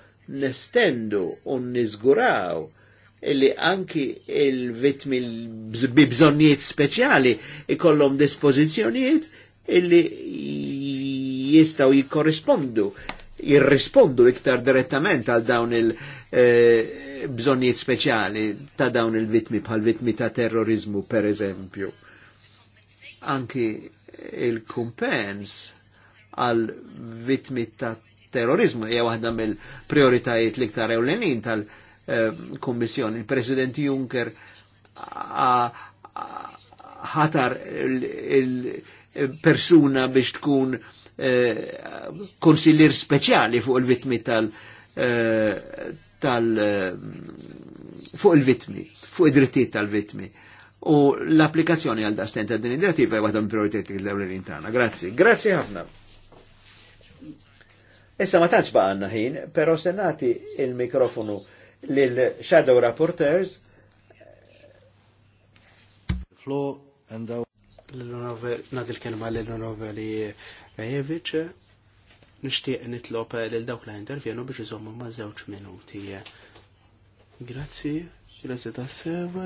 nestendu u nizguraw illi anki il-vitmi bibżonniet speċjali ikollhom dispożizzjonijiet illi jistaw jikorrispondu jirrispondu iktar direttament għal dawn il-bżonnijiet eh, speċjali ta' dawn il-vitmi bħal vitmi ta' terrorizmu per eżempju. Anki il-kumpens għal vitmi ta' terrorizmu hija waħda mill-prioritajiet l-iktar ewlenin tal-Kummissjoni. Il-President Juncker ħatar il-persuna biex tkun Eh, konsillir speċjali fuq il-vitmi tal- eh, tal eh, fuq il-vitmi, fuq id-drittijiet tal-vitmi. U l-applikazzjoni għal ta' din id drittijiet jgħu għadhom prioritetik l-ewlenin tana. Grazzi, grazzi ħafna. Issa ma tantx għanna ħin, però se il-mikrofonu lil Shadow Rapporteurs. Flo, għandaw. L-Nadi l-kelma l-Nadi Rajevic, nishtiq nitlob lil dawk la intervjenu biex iżommu ma' żewġ minuti. Grazzi, grazzi ta' sew.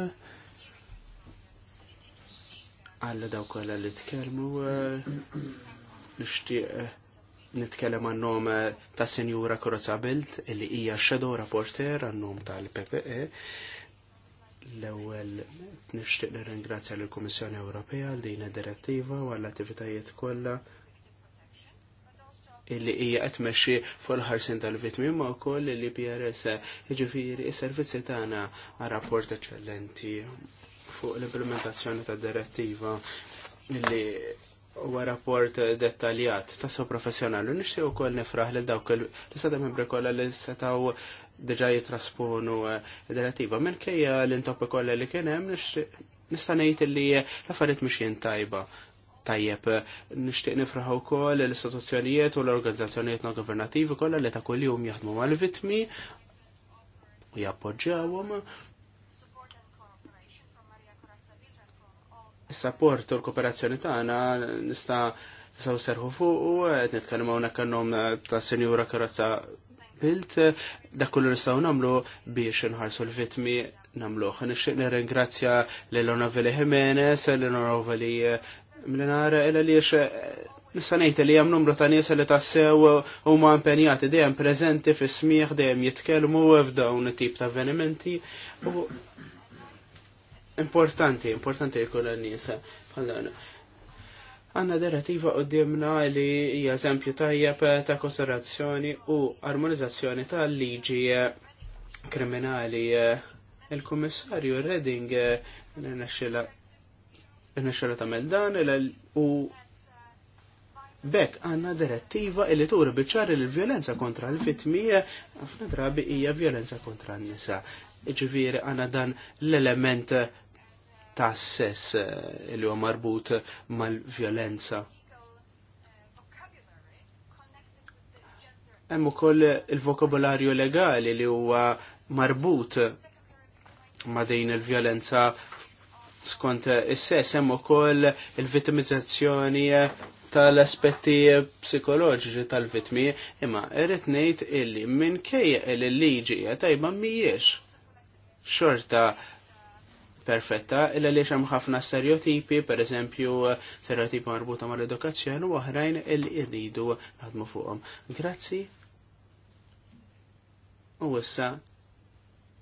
Għalla dawk għalla li tkellmu, nishtiq nitkellem għannom ta' Senjura Kroza Bilt, illi hija shadow rapporter għannom tal-PPE l-ewwel nixtieq nirringrazzja lill-Kummissjoni Ewropea għal din id-direttiva u għall attivitajiet kollha illi hija qed tmexxi fuq il-ħarsin tal-vittmi ma wkoll li PRS jiġifieri s-servizzi tagħna rapport eċċellenti fuq l-implementazzjoni tad-direttiva illi huwa rapport dettaljat ta' so professjonali. Nixtieq ukoll nifraħ lil dawk li seta' membri kollha li setgħu diġà jitrasponu d eh, direttiva. Minkejja l-intoppi kollha li kien hemm nista' ngħid illi l-affarijiet mixjin tajba tajjeb. Nixtieq nifraħu kol l-istituzzjonijiet u l-organizzazzjonijiet non governativi kollha li ta' kuljum jaħdmu mal-vittmi u jappoġġjawhom. Is-sapport u l-kooperazzjoni tagħna nista' nistgħu serħu fuq u qed nitkellem hawnhekk għandhom ta' Senjura Karazza Bilt da kullu nistgħu nagħmlu biex inħarsu l-vittmi namluħ. Nixtieq nirringrazzja l-Onorevoli Jimenez, l-Onorevoli Mlinara, mela illa li Nistanejt li jam numru ta' nisa li tassew u ma' impenjati dejjem prezenti fi smieħ dejjem jitkellmu f'dawn tip ta' avvenimenti. U importanti, importanti jkun nisa nies Għanna direttiva dimna li hija eżempju tajjeb ta' konsiderazzjoni u armonizzazzjoni ta' liġi kriminali. Il-Kummissarju Redding nirnexxila n-xera tamel dan u bekk għanna direttiva li turi biċar il-violenza kontra l-fitmija għafna drabi hija violenza kontra n-nisa. Iġviri għanna dan l-element ta' sess eh, li huwa marbut mal-violenza. Hemm ukoll il-vokabolarju legali li huwa marbut ma' din il-violenza skont is-sess hemm ukoll il-vittimizzazzjoni tal-aspetti psikoloġiċi tal-vitmi, imma irrid ngħid illi minkejja li liġi hija tajba mhijiex xorta perfetta illa li hemm ħafna stereotipi, pereżempju stereotipi marbuta mal-edukazzjoni u oħrajn illi rridu naħdmu fuqhom. Grazzi. U issa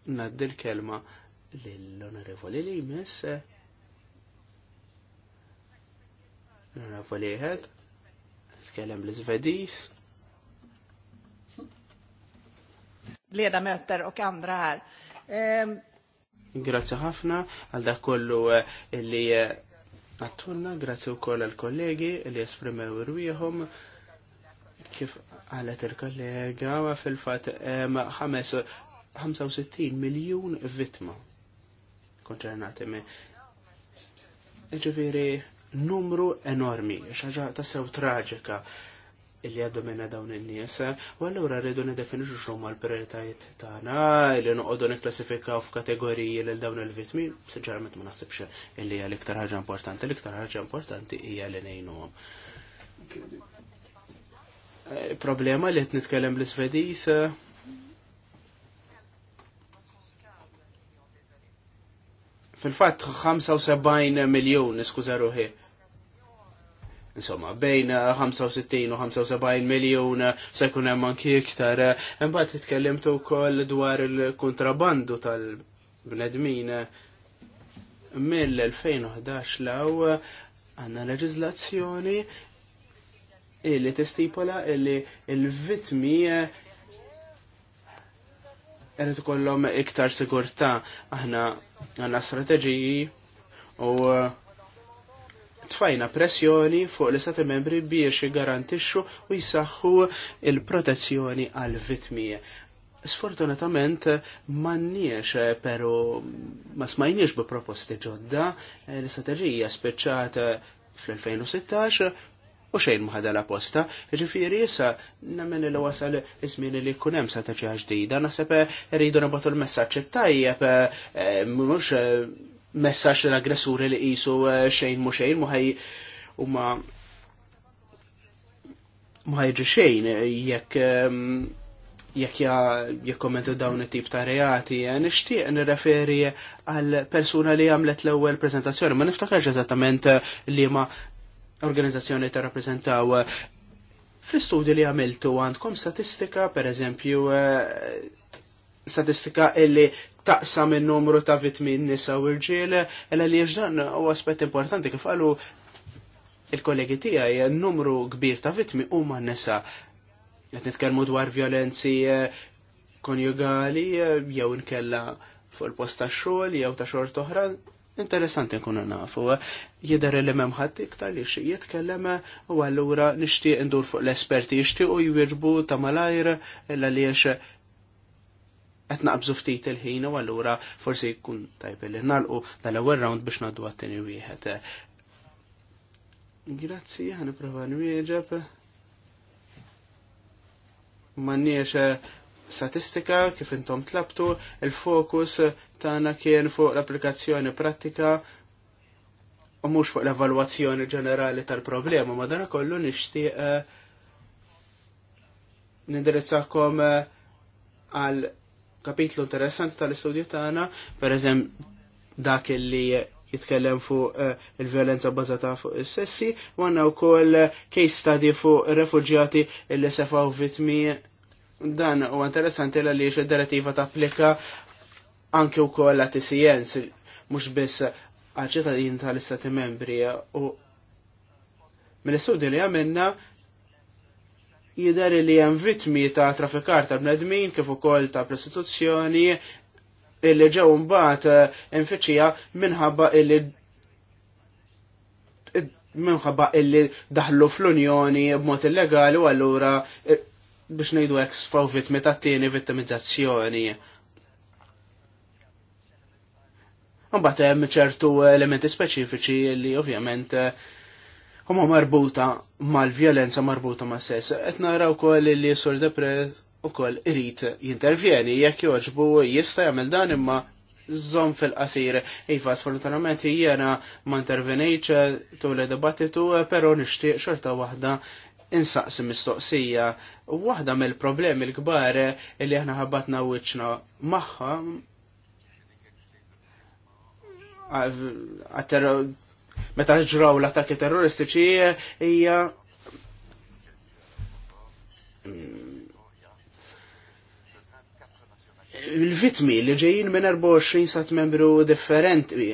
naddi l-kelma l-onorevoli li jmiss l-onorevoli eh, jħed tkellem l-Svedis ledamöter och andra här. Ehm... Grazie ħafna għal dak kollu eh, li eh, għattunna, grazie u koll għal kollegi li esprimew rwieħom kif għalet il-kollega fil-fat 65 miljon vittma konċernati me. Iġviri, numru enormi, xaġa sew traġika illi għaddu minna dawn il-nies, u għallura rridu nedefinixu xumma l-prioritajiet tagħna li noqogħdu nikklassifikaw f'kategoriji lil dawn il-vitmi, sinċerament ma naħsibx illi hija l-iktar ħaġa importanti, l-iktar ħaġa importanti hija li ngħinuhom. Eh, problema li qed nitkellem bl-Svediż Fil-fatt 75 miljon, iskuza ruħi. Insomma, bejn 65 eh, u 75 miljon eh, se jkun hemm anki iktar. Eh, imbagħad titkellimt ukoll dwar il-kontrabandu tal-bnedmin mill-2011 law għandna leġiżlazzjoni illi testipola illi il-vitmi Rrid ikollhom iktar sigurtà aħna għandna strateġiji u uh, tfajna pressjoni fuq l-istati membri biex jgarantixxu u jisaxħu il-protezzjoni għal vitmi. Sfortunatament manniex, eh, pero ma smajniex bi proposti ġodda eh, l-istrateġija speċċata fl-2016 u xejn la posta. Ġifiri issa nemmen il wasal izmin li jkun hemm sa ta' ċi ġdida, naħseb eh, rridu nabotu l-messaġġ tajjeb eh, eh, mhux messaġġ l-aggressuri li qisu xejn mu xejn muħaj u huma ma muħaj xejn jekk jekk ja jekkommentu dawn it-tip ta' reati, nixtieq nirreferi għal persuna li għamlet l-ewwel prezentazzjoni, ma niftakar eżattament li ma organizzazzjoni ta' rappresentaw eh, fl-istudju li għamiltu għandkom statistika, per eżempju, eh, statistika illi taqsam il-numru ta' vitmin nisa u rġiel, illa li jġdan u aspet importanti kif għalu il-kollegi tijaj, numru kbir ta' vitmi u ma' nisa. Għet nitkelmu dwar violenzi eh, konjugali, jew nkella fuq il posta ta' xogħol jew ta' xogħol toħra, Interessanti nkunu nafu, eh, jider li memħat iktar li xie jitkellem eh, u għallura nishtiq ndur fuq l-esperti, jishtiq u jwirġbu ta' malajr illa li jiex qed naqbżu ftit il-ħin u allura forsi jkun tajb li nalqu dal-ewwel round biex ngħaddu għat-tieni wieħed. Grazzi, ħan prova nwieġeb. M'għandniex eh, statistika kif intom tlabtu, il-fokus tagħna kien fuq l-applikazzjoni pratika u mhux fuq l-evalwazzjoni ġenerali tal-problema, ma dan kollu nixtieq eh, nindirizzakom eh, għal kapitlu interessanti tal-istudju tagħna, pereżem dak li jitkellem fuq eh, il-violenza bazata fuq is-sessi, u għanna wkoll case study fuq refuġjati li sefaw vitmi Dan u interessanti li id direttiva ta' applika anke wkoll t TCNs mhux biss għal ċittadin tal-Istati Membri u mill istudi li għamilna jidher li hemm vittmi ta' trafikar ta' bnedmin kif ukoll ta' prostituzzjoni illi ġew mbagħad infittxija minħabba illi minħabba illi daħlu fl-Unjoni b'mod illegali u allura biex nejdu ex faw vitmi ta' t-tieni vittimizzazzjoni. Mbagħad hemm ċertu elementi speċifiċi li ovvjament eh, huma marbuta mal-vjolenza marbuta ma' sess. Qed nara wkoll li sur depress ukoll irid jintervjeni jekk joġbu jista' jagħmel dan imma zon fil-qasir. Iva, sfortunatament jiena ma intervenejċ tul dibattitu, però nixtieq xorta waħda insaqsi mistoqsija u waħda mill-problemi l-kbar li aħna ħabbatna wiċċna magħha meta ġraw l-attakki terroristiċi hija il-vitmi li ġejjin minn 24 sat membru differenti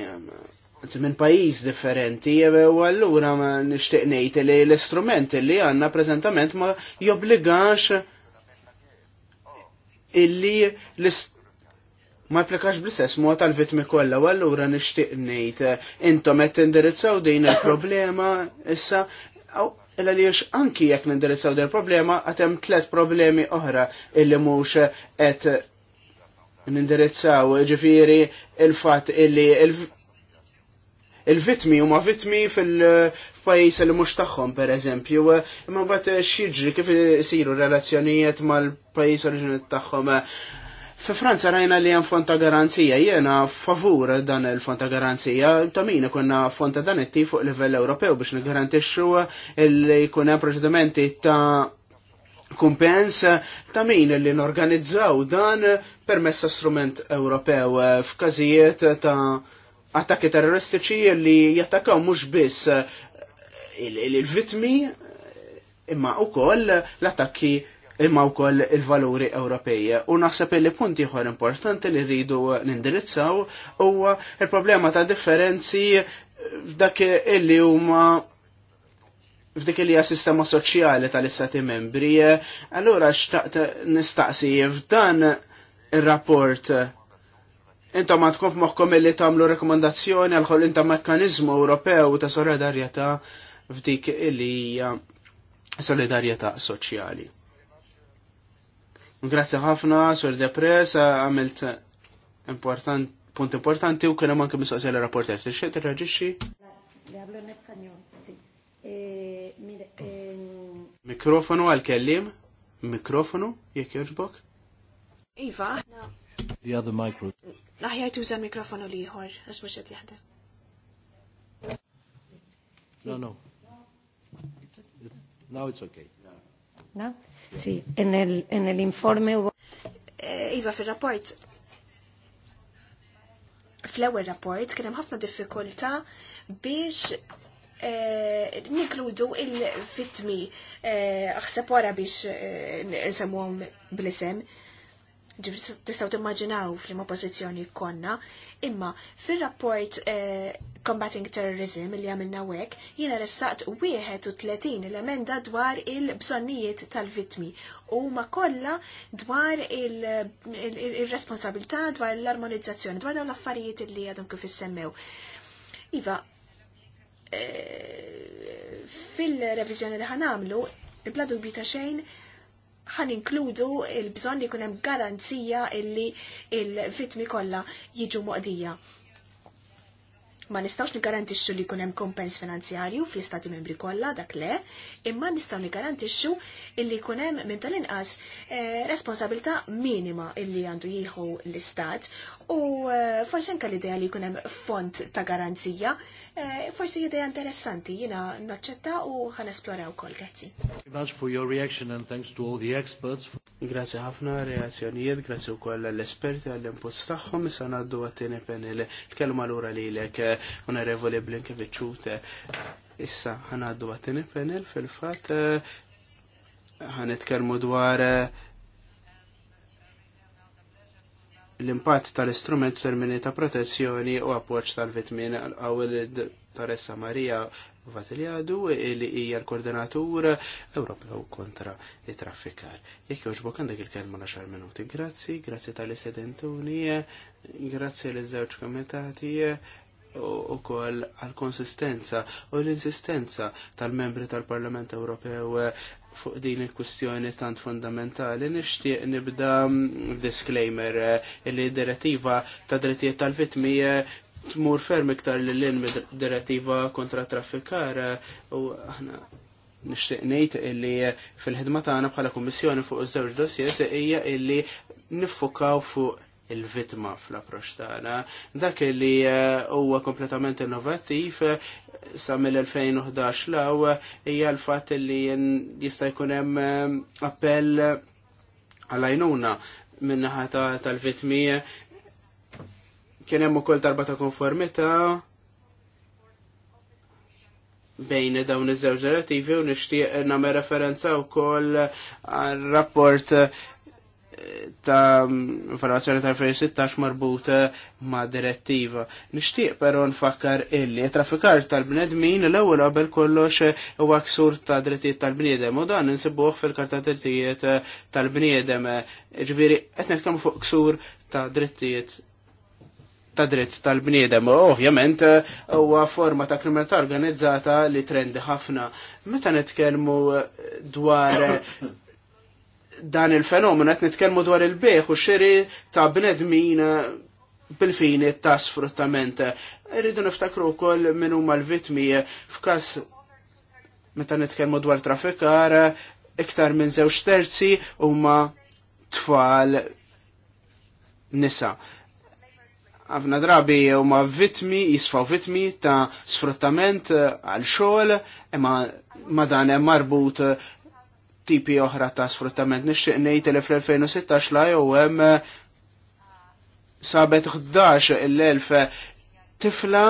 minn pajjiż differenti, e, e, u allura nixtieq ngħid li l-istrument li għandna preżentament ma jobbligax illi l-istrument ma jplikax bl-istess mod tal-vitmi kollha u allura nixtieq ngħid e, intom qed tindirizzaw din il-problema issa illa li anki jekk nindirizzaw din il-problema għad hemm tliet problemi oħra illi mhux qed nindirizzaw ġifieri il-fatt illi il-vitmi huma vitmi fil-pajis li mhux tagħhom pereżempju, imma bat x'jiġri kif isiru relazzjonijiet mal-pajis oriġinali tagħhom. Fi Franza rajna li hemm fonta garanzija, jiena favur dan il fonta ta' garanzija, ta' min fonta dan it fuq livell Ewropew biex nigarantixxu li jkun hemm proċedimenti ta' kumpens ta' min li norganizzaw dan permessa strument Ewropew f'każijiet ta' attakki terroristiċi li jattakaw mhux biss eh, il-vitmi imma wkoll l-attakki imma wkoll il-valuri Ewropej. U naħseb li punti ieħor importanti li rridu nindirizzaw huwa il-problema ta' differenzi f'dak illi huma f'dik li hija sistema soċjali tal-istati membri. Allura xtaqt nistaqsi f'dan ir-rapport ma tkun f'moħħkom illi tagħmlu rekomandazzjoni għal ħol inta mekkaniżmu Ewropew ta' solidarjetà f'dik illi hija solidarjetà soċjali. Grazzi ħafna, Sur Depress, għamilt important, punt importanti u kien hemm anke mistoqsija l-rapporter. Tixtieq tirraġixxi? Eh, Mikrofonu għal-kellim? Mikrofonu, jekk jogħġbok? Iva. The other micro. Laħjar tuża mikrofonu liħor, għax mux għed jahdem. No, no. Now it's okay. No? Si, en l-informe u... Eh, iva, fil-rapport. Fl-ewel rapport, kienem ħafna diffikulta biex eh, nikludu il-fitmi, eh, aħseb wara biex nsemmuhom bl-isem tistaw timmaġinaw fl-ma pozizjoni konna, imma fil-rapport eh, Combating Terrorism li għamilna wek, jina ressaqt 31 l-emenda dwar il-bżonnijiet tal-vitmi u ma kolla dwar il-responsabilità, dwar l-armonizzazzjoni, dwar dawn l-affarijiet li għadhom kif issemmew. Iva, eh, fil-revizjoni li ħanamlu, il-bladu ta' xejn ħan inkludu il-bżon li kunem garanzija illi il-vitmi kollha jiġu moqdija. Ma nistawx nigarantixxu li kunem kompens finanzjarju fl-istati membri kollha dak le, imma nistaw nigarantixxu illi kunem minn tal-inqas eh, responsabilità minima illi għandu jieħu l-istat u eh, forse nka l-idea li jkun hemm font ta' garanzija, eh, forsi idea interessanti jiena naċċetta u ħan esploraw kol, Grazzi. Much for your reaction and thanks to all the experts. Grazzi ħafna reazzjonijiet, grazzi wkoll l-esperti għall-impuls tagħhom issa ngħaddu għat-tieni panel. Kelma lura lilek, eh, Onorevoli Blinkeviċute. Issa ħanaddu għat-tieni panel fil-fatt ħanetkermu dwar l-impatt tal-istrument termini ta' protezzjoni u appoġġ tal-vitmin għawil Taressa Marija Vasiliadu li hija l-koordinatur Ewropew kontra it-traffikar. Jekk joġbok għandek il-kelma la xar minuti. Grazzi, grazzi tal-istedentuni, grazzi l-żewġ komitati u kol għal-konsistenza u l-insistenza tal-membri tal-Parlament Ewropew fuq din il-kustjoni tant fundamentali. Nixtieq nibda disclaimer eh, li direttiva ta' drittijiet tal-vitmi eh, tmur ferm iktar li l-in direttiva kontra traffikar eh, u aħna nixtieq ngħid illi fil-ħidma tagħna bħala kummissjoni fuq iż-żewġ dossiers hija illi niffokaw fuq il-vitma fl-approċ tagħna. Dak li eh, huwa kompletament innovattiv eh, sa mill-2011 law hija l-fatt li jista' jkun hemm eh, appell għall għajnuna minnaħa tal-vitmi kien hemm ukoll darba ta' konformità bejn dawn iż-żewġ relativi u nixtieq nagħmel referenza wkoll għal rapport ta' informazzjoni ta' 2016 marbuta ma' direttiva. Nishtiq pero nfakkar illi traffikar tal-bnedmin l-ewwel qabel kollox u ksur ta' drittijiet tal-bniedem u dan insibuh fil-karta drittijiet tal-bniedem. Ġviri, qed kam fuq ksur ta' drittijiet ta' dritt tal-bniedem. Ovvjament huwa forma ta' kriminalità organizzata li trendi ħafna. Meta nitkellmu dwar dan il-fenomenu qed nitkellmu dwar il-beħ u xiri ta' bnedmin bil-fini ta' sfruttament. Irridu niftakru wkoll minn huma l-vitmi f'każ meta nitkellmu dwar trafikar iktar minn żewġ terzi huma tfal nisa. Għafna drabi huma vitmi, jisfaw vitmi ta' sfruttament għal xogħol, imma ma dan hemm marbut tipi oħra ta' sfruttament. Nixtieq ngħid li fl-2016 la jew hemm sabet 11 l-1000 tifla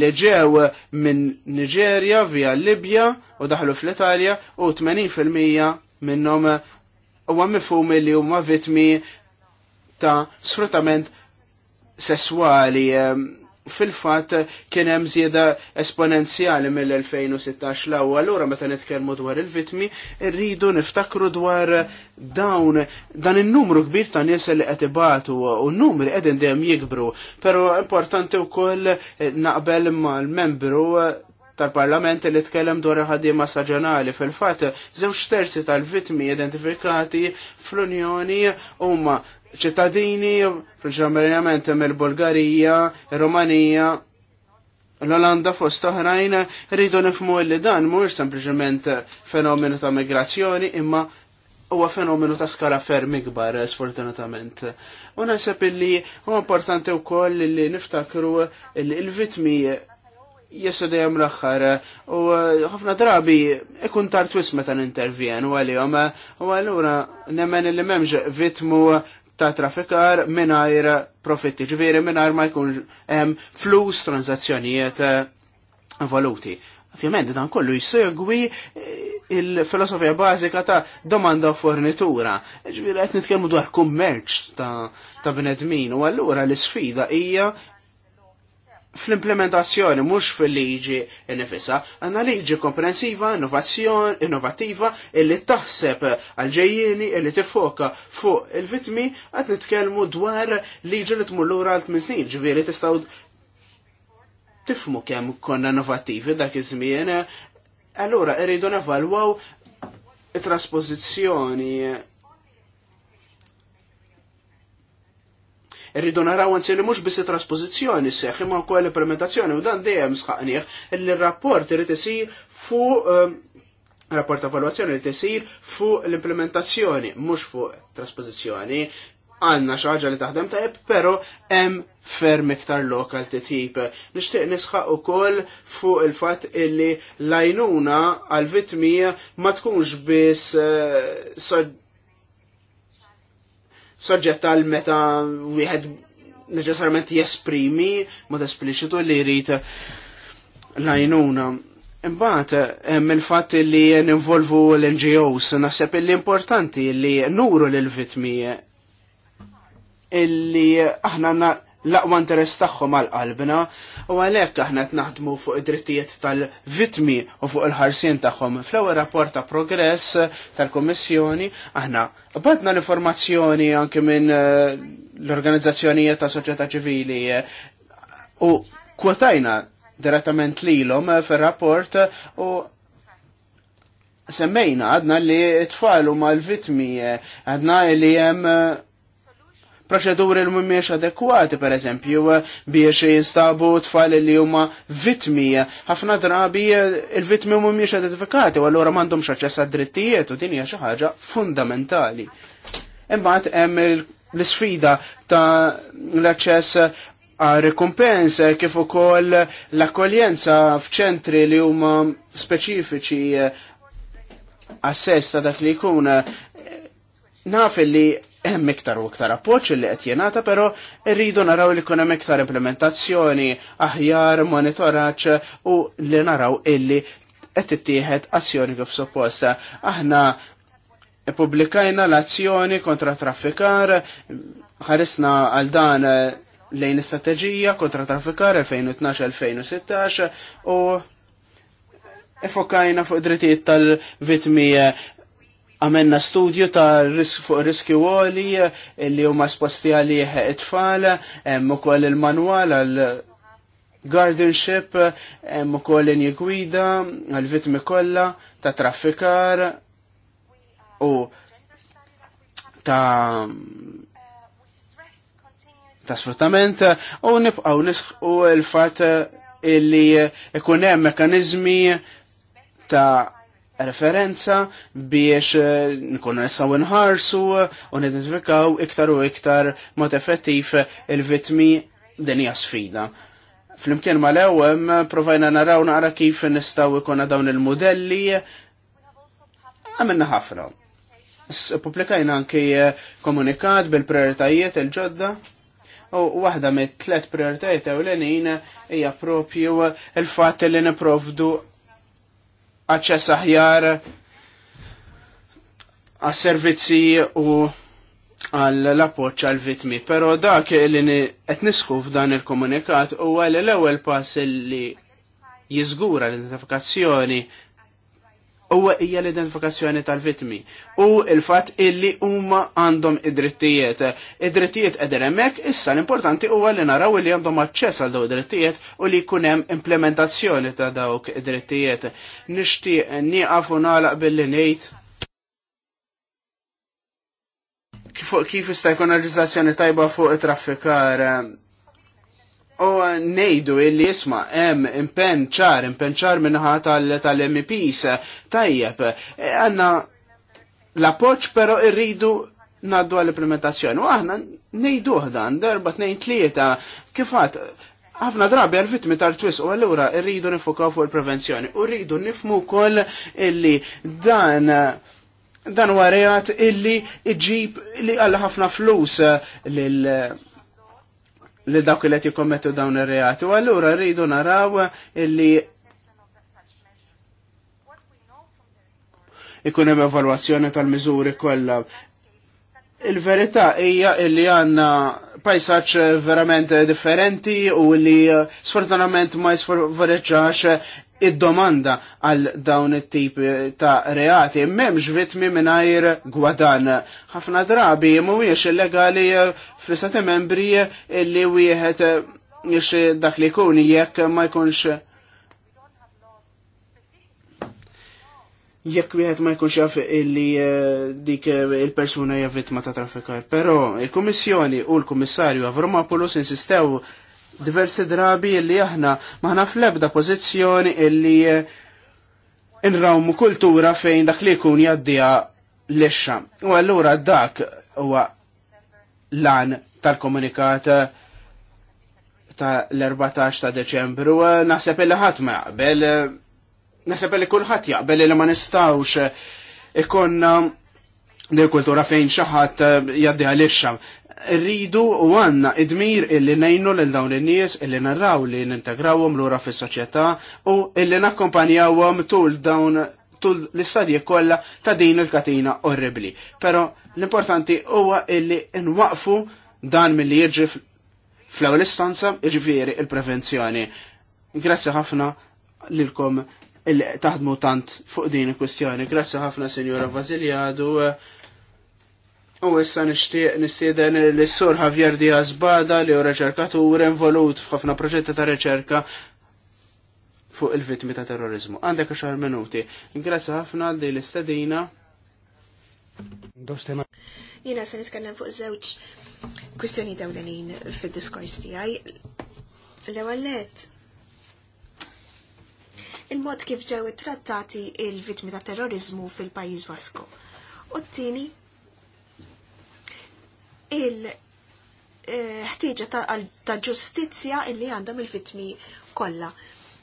li ġew minn Niġerja via Libja u daħlu fl-Italja u 80% minnhom huwa mifhumi li huma vitmi ta' sfruttament sesswali eh, fil-fat kien hemm żieda esponenzjali mill-2016 l-ewwel allura meta nitkellmu dwar il-vitmi rridu niftakru dwar dawn dan in-numru kbir ta' nies li qed ibatu u n-numri qegħdin dejjem jikbru, però importanti wkoll eh, naqbel mal-membru eh, tal-parlament li tkellem dwar ħaddiema saġanali fil-fatt żewġ terzi tal-vitmi identifikati fl-Unjoni huma ċittadini fil il mill-Bulgarija, Romanija, l-Olanda fost oħrajn rridu nifmu li dan mux sempliċement fenomenu ta' migrazzjoni imma huwa fenomenu ta' skala ferm ikbar sfortunatament. U naħseb illi huwa importanti wkoll li niftakru il-vitmi jessu dejjem l-axħar u ħafna drabi ikun tard wismet meta nintervjen u għalihom u allura nemmen li m'hemmx vitmu ta' trafikar minnajr profitti, ġviri minnajr ma' jkun flus tranzazzjonijiet eh, valuti. Ovvjament dan kollu jissegwi eh, il-filosofija bażika ta' domanda u fornitura. Ġviri qed nitkellmu dwar kummerċ ta', ta bnedmin u allura l-isfida hija fl-implementazzjoni, mhux fil-liġi nifisha, għandna liġi komprensiva, innovativa, illi taħseb għal ġejjieni illi tifoka fuq il-vitmi, għad nitkellmu dwar liġi li tmur lura għal tmin snin, ġifieri tistgħu tifmu kemm konna innovativi dak iż-żmien, allura irridu nevalwaw it traspożizzjoni Irridu naraw għanzi li mhux biss trasposizzjoni seħħ imma l implementazzjoni u dan dejjem sħaqnieh li r-rapport irid isir fuq eh, rapport evaluazzjoni li tisir fuq l-implementazzjoni, mhux fuq trasposizjoni, Għanna xaġa li taħdem tajb, pero hemm ferm iktar lokal titjib. Nixtieq nisħaq ukoll fuq il-fatt illi lajnuna għal vitmija ma tkunx biss eh, soġġett għal meta wieħed neċessarjament jesprimi mod espliċitu li jrid lajnuna. Imbagħad hemm il-fatt li ninvolvu l-NGOs naħseb li importanti li nuru lil vitmi illi aħna l-aqwa interess tagħhom għal qalbna u għalhekk aħna qed naħdmu fuq id-drittijiet tal-vitmi u fuq il-ħarsien tagħhom. Fl-ewwel rapport ta' progress tal-Kummissjoni aħna badna l-informazzjoni anke minn eh, l-organizzazzjonijiet ta' soċjetà ċivili eh, u kwotajna direttament lilhom eh, fir-rapport u semmejna għadna li t-tfal u mal vitmi għadna li hemm proċeduri li mhumiex adekwati pereżempju biex jinstabu tfal li huma vitmi. Ħafna drabi il-vitmi mhumiex identifikati u allura m'għandhomx aċċess għad-drittijiet u din hija xi ħaġa fundamentali. Imbagħad hemm l-sfida ta' l-aċċess rekompensa kif ukoll l-akkoljenza f'ċentri li huma speċifiċi assess ta' dak li jkun naf li hemm iktar u iktar appoġġ li qed jingħata, però rridu naraw li jkun hemm iktar implementazzjoni, aħjar, monitoraġġ u li naraw illi qed ittieħed azzjoni kif supposta. Aħna pubblikajna l-azzjoni kontra traffikar, ħarisna għal dan lejn istrateġija kontra traffikar 2012-2016 u effokajna fuq drittijiet tal-vitmi għamenna studju ta' risk fuq riski għoli li huma sposti għalih it-tfal, hemm ukoll il-manwal għal guardianship, hemm ukoll linji għal vitmi kollha ta' traffikar u ta' ta' sfruttament u nibqgħu u l-fatt illi ikun hemm mekanizmi ta' referenza biex eh, nkunu nessaw nħarsu eh, u nidentifikaw iktar u iktar mod effettiv eh, il-vitmi dinja sfida. Flimkien ma l-ewem, provajna naraw naqra kif nistaw ikona dawn il-modelli, għamilna ħafna. Publikajna anki komunikat bil-prioritajiet il-ġodda, u waħda mit tlet prioritajiet ewlenin hija propju il-fatt li niprovdu aċċess aħjar għas servizzi u għall appoċ għal vitmi. Pero dak li qed nisħu f'dan il-komunikat u għal l-ewwel pass li jiżgura l-identifikazzjoni huwa hija l-identifikazzjoni tal-vittmi u il-fatt illi huma għandhom id-drittijiet. Id-drittijiet qegħdin hemmhekk, issa l-importanti huwa li naraw li għandhom aċċess għal dawn id-drittijiet u li jkun hemm implementazzjoni ta' dawk id-drittijiet. Nixtieq nieqaf u nagħlaq billi ngħid kif jista' jkun leġiżlazzjoni tajba fuq it-traffikar U nejdu illi jisma, em, impen ċar, impen ċar minnaħa tal-MPs, tajjeb, e, għanna l-appoċ pero irridu naddu għall-implementazzjoni. U aħna nejdu dan, darba t-nejn tlieta, kifat, għafna drabi għal-vittmi tal-twis u għallura irridu nifukaw fuq il-prevenzjoni. U rridu nifmu kol illi dan dan warijat illi iġib li għalla ħafna flus lil li dawk li qed jikkommettu dawn ir-reati. U allura rridu naraw illi ikun hemm evalwazzjoni tal-miżuri kollha. Il-verità hija li għandna pajsaġġ verament differenti u li eh, sfortunatament ma jisfavoreġġax id-domanda għal dawn it-tip ta' reati m'hemmx vittmi mingħajr gwadan. Ħafna drabi mhuwiex illegali fl-istati membri li wieħed jiex dak li kuni jekk ma jkunx jekk wieħed ma jkunx jaf illi eh, dik eh, il-persuna hija vittma ta' traffikar. Però il-Kummissjoni u l-Kummissarju Avramopoulos insistew diversi drabi illi aħna maħna fl-ebda pozizjoni illi eh, inrawmu kultura fejn dak li kun jaddija l-exxa. U allura dak huwa lan tal-komunikat eh, tal 14 ta' Deċembru, eh, naħseb illi ħadd ma nasib naħseb illi kulħadd jaqbel li ma nistawx ikonna dil kultura fejn xaħat jaddi għal-ixxam rridu u għanna idmir illi nejnu l dawn il-nies illi narraw li n-integrawum l-ura fis soċjetà u illi nakkompanjawhom tul dawn tul l-istadje kollha ta' din il-katina orribli. Però l-importanti huwa illi nwaqfu dan milli jiġri fl-ewwel istanza jiġifieri il-prevenzjoni. Grazzi ħafna lilkom il taħdmu tant fuq din il-kwestjoni. Grazzi ħafna Sinjora Vasiljadu. U issa nixtieq nistieden l-sur Javier Diaz Bada li hu reċerkatur involut f'ħafna proġetti ta' riċerka fuq il-vittmi ta' terrorizmu. Għandek xar minuti. Grazzi ħafna li l-istedina. Jina se nitkellem fuq żewġ kwistjoni dawlenin fid-diskors tiegħi. L-ewwel il-mod kif ġew ittrattati il-vittmi ta' terrorizmu fil-Pajjiż Wasku. U t-tieni il-ħtieġa eh, ta' ġustizzja illi għandhom il-vitmi kollha.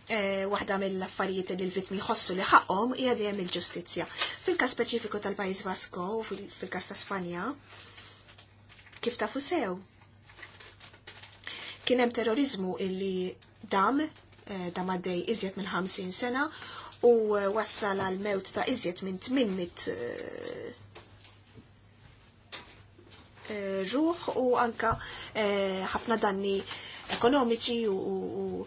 Eh, waħda mill-affarijiet li l-vitmi jħossu li ħaqhom hija dejjem il-ġustizzja. Fil-każ speċifiku tal-Pajjiż Vasko u fil-każ ta' Spanja, kif tafu sew? Kien hemm terrorizmu illi dam eh, dam għaddej iżjed minn 50 sena u wassal għal mewt ta' iżjed minn 800 ruħ u anka eh, ħafna danni ekonomiċi u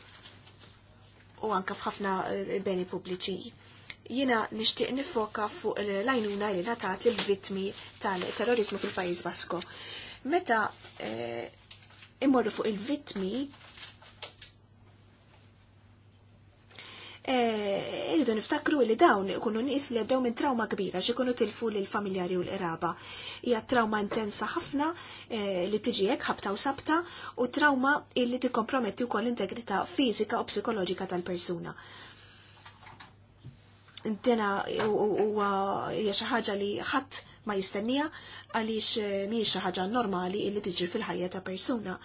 anka f'ħafna eh, beni pubbliċi. Jina nishtiq nifoka fuq l-lajnuna li natat l vittmi tal-terrorizmu fil pajiz Basko. Meta eh, imorru fuq il-vittmi Eh, irridu niftakru li dawn ikunu nies li għaddew minn trauma kbira xi kunu tilfu l familjari u l-qraba. Hija trauma intensa ħafna eh, li tiġi hekk ħabta u sabta u trauma illi tikkomprometti wkoll l-integrità fiżika u psikoloġika tal-persuna. Intena huwa hija xi ħaġa li ħadd ma jistennija għaliex eh, mhijiex xi ħaġa normali illi tiġi fil-ħajja ta' persuna.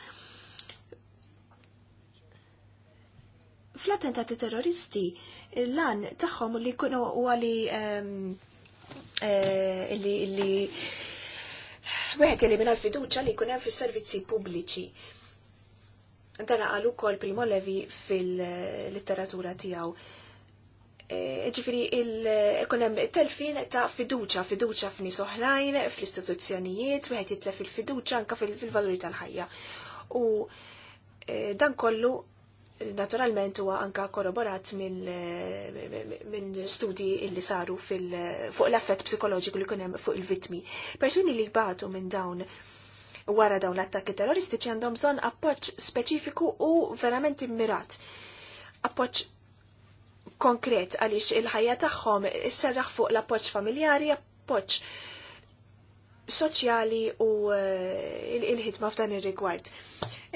Fl-attentati terroristi, l-lan taħħom li kunu u għali ehm, eh, li Weħet li minna fiduċa li kunem fis servizzi pubbliċi. Dan għalu kol Primo Levi fil-litteratura tijaw. Eh, ġifiri, kunem telfin ta' fiduċa, fiduċa f'ni soħrajn, fl-istituzzjonijiet, weħet jitlef il-fiduċa anka fil-valuri tal-ħajja. U eh, dan kollu naturalment huwa anka korroborat minn min studji illi saru fil, fuq l-affett psikoloġiku li kunem fuq il-vitmi. Persuni li jbatu minn dawn wara dawn l-attakki terroristiċi għandhom bżonn appoġġ speċifiku u verament immirat. Appoġġ konkret għaliex il-ħajja tagħhom isserraħ fuq l-appoġġ familjari, appoġġ soċjali u eh, il-ħidma f'dan ir-rigward.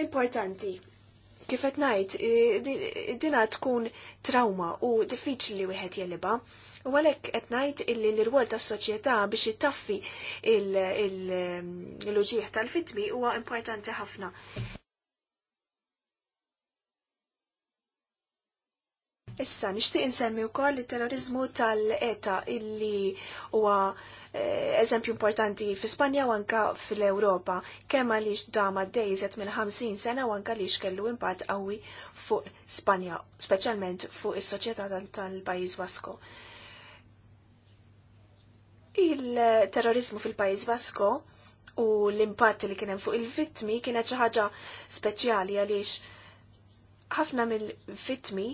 Importanti kif qed ngħid dina tkun trauma u diffiċli li wieħed jeliba. U għalhekk qed ngħid illi l-irwol tas-soċjetà biex jittaffi l-uġieħ tal-fitmi huwa importanti ħafna. Issa, nixtieq insemmi wkoll it-terrorizmu tal-eta illi huwa Eh, eżempju importanti fi Spanja u anka fil-Ewropa, kemm għaliex dama dejżet minn 50 sena u anka għaliex kellu impatt qawwi fuq Spanja, speċjalment fuq is-soċjetà tal-Pajjiż Vasko. Il-terrorizmu fil-Pajjiż Vasko u l-impatt li kien hemm fuq il-vittmi kienet xi ħaġa speċjali għaliex ħafna mill-vittmi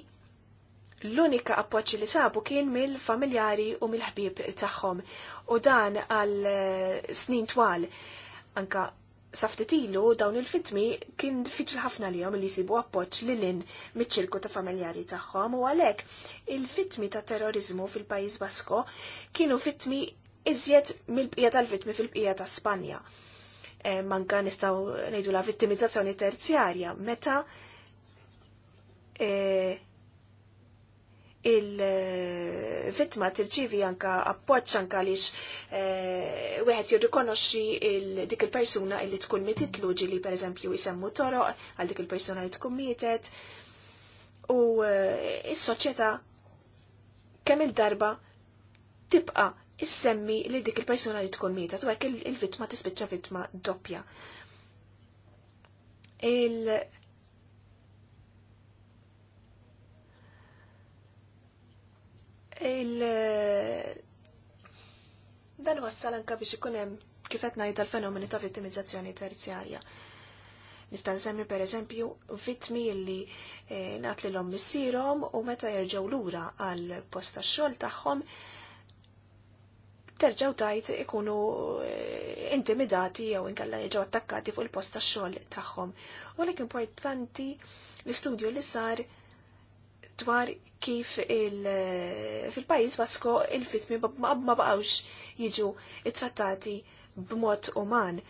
l-unika appoċ li sabu kien mill-familjari u mill-ħbib tagħhom u dan għal eh, snin twal. Anka saftetilu dawn il-fitmi kien diffiċli ħafna lihom li jsibu appoġġ li lin miċ-ċirku ta' familjari tagħhom u għalhekk il-fitmi ta' terrorizmu fil-Pajjiż Basko kienu fitmi iżjed mill-bqija tal-vittmi fil-bqija ta' Spanja. E, manka nistaw nejdu la vittimizzazzjoni terzjarja, meta e, il-vittma tirċivi anka appoċ anka lix eh, weħet jirrikonoxxi dik il-persuna illi tkun mititlu ġili per eżempju jisemmu toroq għal dik il-persuna li tkun mietet u eh, is-soċjetà kemm il-darba tibqa issemmi li dik il-persuna li tkun mitet u hekk il-vittma tispiċċa vittma doppja il dan wassal anka biex ikun hemm kif qed ngħid l-fenomeni ta' vittimizzazzjoni terzjarja. Nista' nsemmi pereżempju vittmi li eh, naqt li l-om missierhom u meta jerġgħu lura għal post tax-xogħol tagħhom terġgħu tajt ikunu eh, intimidati jew inkella jiġu attakkati fuq il-post tax-xogħol tagħhom. U Walik importanti l-istudju li sar dwar kif fil-pajis Basko il-fitmi ma baqawx jiġu it-trattati b'mod uman.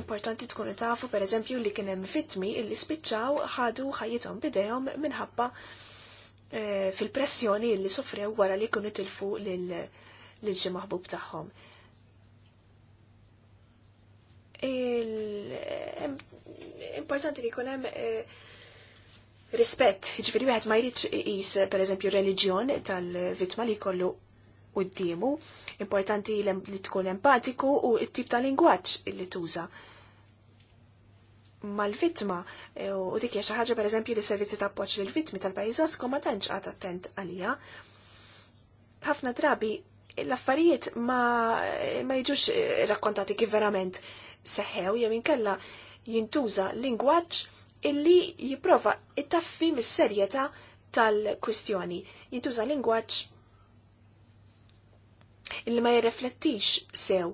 Importanti tkun tafu per eżempju li kien hemm fitmi illi spiċċaw ħadu ħajjithom bidejhom minħabba eh, fil-pressjoni li sofrew wara li kunu tilfu lil xi maħbub tagħhom. Eh, importanti li jkun hemm eh, rispett, ġifiri wieħed ma jridx jis, per eżempju reliġjon tal-vittma li kollu quddiemu, importanti li tkun empatiku u t-tip ta' lingwaġġ li tuża mal-vittma eh, u dik hija xi ħaġa pereżempju li servizzi ta' li l vittmi tal pajizos koma ma tantx attent għalija. Ħafna drabi l-affarijiet ma, ma jiġux eh, rakkontati kif verament seħħew jew inkella jintuża lingwaġġ illi jipprova taffi mis-serjetà tal-kwistjoni. Jintuża lingwaġġ illi ma jirreflettix sew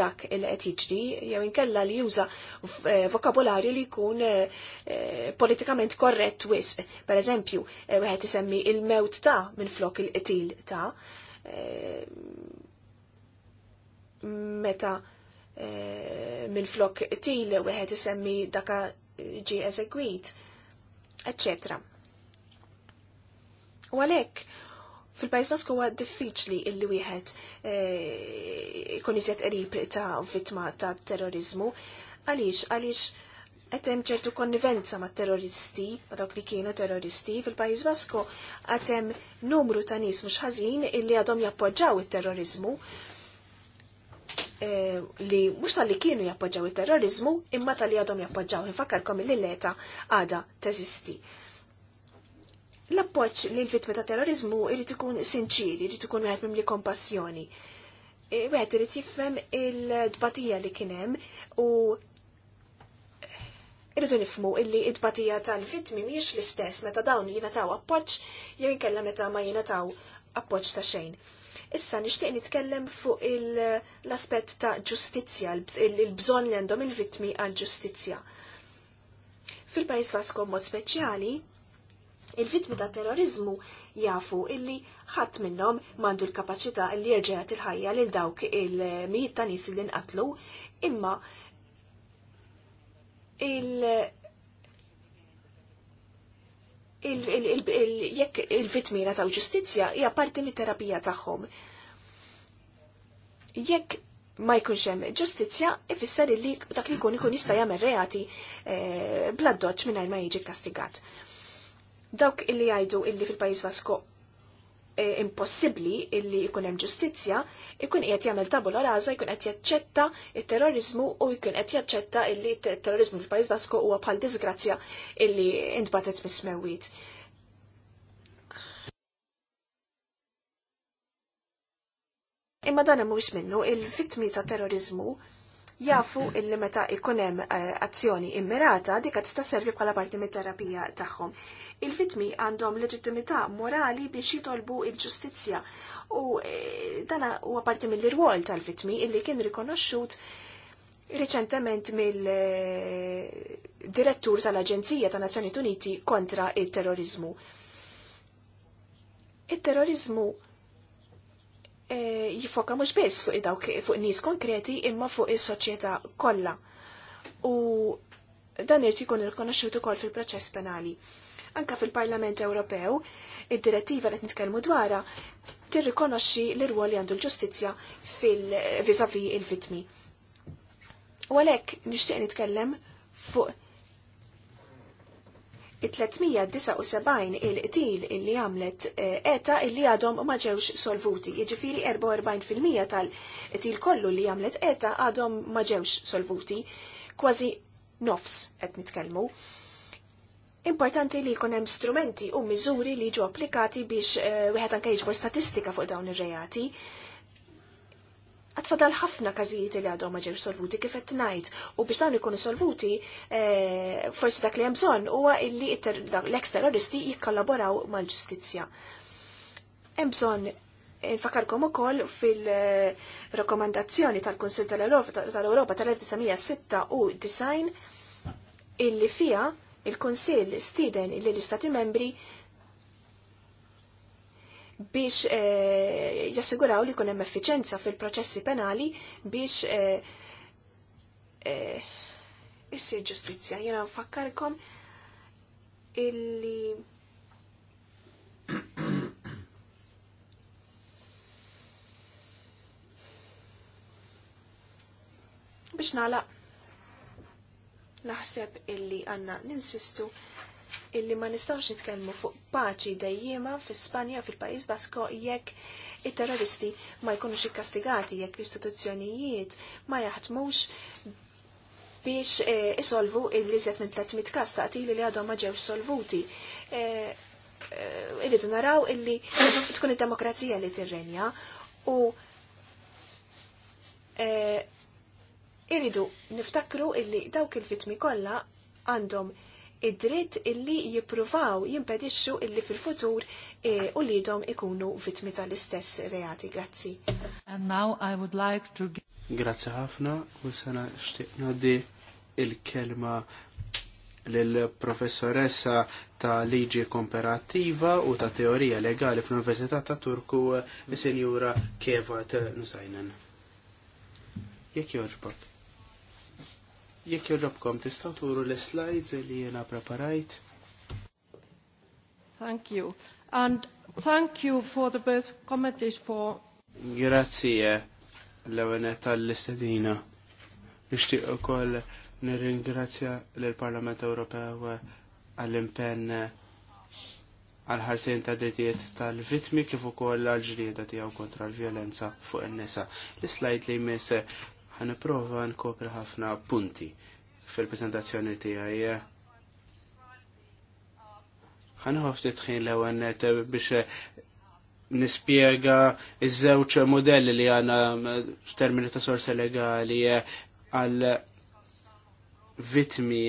dak il qed jiġri, jew inkella li juża eh, vokabolarju li jkun eh, eh, politikament korrett wisq. Per eżempju, wieħed isemmi il-mewt ta' minn flok il-qtil ta' meta minn flok qtil wieħed isemmi daka ġi eżegwit, etc. U għalhekk fil-Pajjiż Basku huwa diffiċli illi wieħed eh, ikun iżjed qrib ta' vittma ta' terrorizmu. Għaliex, għaliex qed hemm ċertu konnivenza ma' terroristi, ma' dawk li kienu terroristi fil-Pajjiż Basku għatem numru ta' nies mhux ħażin illi għadhom jappoġġaw it-terrorizmu Eh, li mux tal-li kienu jappoġġaw il-terrorizmu imma tal-li għadhom jappoġġaw nifakkarkom li leta għada teżisti. L-appoġġ li l-vittmi ta' terrorizmu irrid ikun sinċiri, irrid ikun wieħed li kompassjoni. E, wieħed irrid jifhem il-dbatija li kien hemm u irridu nifmu illi id-batija tal-vittmi mhijiex l-istess meta dawn jingħataw appoġġ jew inkella meta ma jingħataw appoġġ ta' xejn. Issa nixtieq nitkellem fuq l-aspett ta' ġustizzja, il-bżonn li għandhom il-vittmi għal ġustizzja. fil pajis Vasko mod speċjali, il-vittmi ta' terrorizmu jafu illi ħadd minnhom m'għandu l-kapaċità li jerġa' il-ħajja lil dawk il-mijiet ta' nies li nqatlu, imma il- jekk il-vitmina taw ġustizja hija parti mit-terapija tagħhom. Jekk ma jkunx hemm ġustizzja, ifisser li dak li jkun ikun jista' jagħmel reati eh, bla doċċ mingħajr ma jiġi kastigat. Dawk illi jgħidu illi fil-Pajjiż Vasko E, impossibbli illi jkun hemm ġustizzja, ikun qed jagħmel tabula rasa, jkun qed jaċċetta it-terrorizmu u jkun qed jaċċetta illi t-terrorizmu fil-Pajjiż Basku huwa bħal disgrazzja illi intbatet mis Imma dan hemm minnu il-vittmi ta' terrorizmu jafu illi meta ikunem eh, azzjoni immirata dik qed tasservi bħala parti mit-terapija tagħhom. Il-vitmi għandhom leġittimità morali biex jitolbu il-ġustizzja u eh, dana huwa parti mill-irwol tal-vitmi illi kien rikonoxxut Reċentement mill-direttur eh, tal-Aġenzija ta' Nazzjonijiet Uniti kontra il-terrorizmu. Il-terrorizmu il terrorizmu E, jifoka mhux biss fuq dawk fuq nies konkreti imma fuq is-soċjetà kollha. U dan irid ikun irkonoxxut ukoll fil-proċess penali. Anka fil-Parlament Ewropew, id-direttiva li nitkellmu dwarha tirrikonoxxi l-irwol li għandu l-ġustizzja fil-viżavi il-vitmi. U għalhekk nixtieq nitkellem fuq 379 il-qtil illi għamlet eh, eta illi għadhom ma ġewx solvuti. Jiġifieri 44% tal-qtil kollu li għamlet eta għadhom ma ġewx solvuti. Kważi nofs qed nitkellmu. Importanti li jkun hemm strumenti u miżuri li ġu applikati biex eh, wieħed anke jiġbor statistika fuq dawn ir-reati għatfadal ħafna kazijiet li għadhom maġer solvuti kif qed ngħid u biex dawn ikunu solvuti eh, forsi dak li hemm bżonn huwa illi l-eks terroristi jikkollaboraw mal-ġustizzja. Hemm bżonn Infakarkom ukoll fil-rekomandazzjoni tal-Kunsil tal-Europa tal 1996 u design illi fija il-Kunsil stiden illi l-Istati membri biex e, jassiguraw li kunem effiċenza fil-proċessi penali biex e, e, issir ġustizja. Jena fakkarkom illi biex nala naħseb illi għanna ninsistu illi ma nistawx nitkellmu fuq paċi dejjema fi Spanja fil-Pajjiż Basko jekk it-terroristi ma jkunux ikkastigati jekk l-istituzzjonijiet ma jaħdmux biex eh, isolvu il-liżet minn 300 kas ta' li li għadhom ma ġewx solvuti. Illi eh, eh, Irridu naraw illi tkun id-demokrazija li tirrenja u eh, iridu niftakru illi dawk il-vitmi kollha għandhom id-dritt illi jippruvaw jimpedixxu illi fil-futur eh, u lidhom ikunu vittmi tal-istess reati. Grazzi. And now I would like to Grazzi ħafna u sena xtiqna di il-kelma lill professoressa ta' liġi komperativa u ta' teorija legali fl-Università ta' Turku, eh, il-Senjura Kevat Nusajnen. Jek joġbok? Jekk joġobkom, tistaw turu l-slides li jena preparajt. Thank you. And thank you for the both committees for... Grazie eh, l-għanet tal-istedina. Nixtieq u koll nir l-Parlament Ewropew eh, għall-impenn eh, għal-ħarsin ta' drittijiet tal-vitmi kif ukoll għal-ġrieda tiegħu kontra l-vjolenza fuq in-nisa. L-slajd li jmiss ħaniprofa nkopri ħafna punti fil-prezentazzjoni tiegħi. Ħanħof titħin l-ewwel net biex nispjega iż-żewġ modelli li għandna f'termini ta' sorsa legali għal vitmi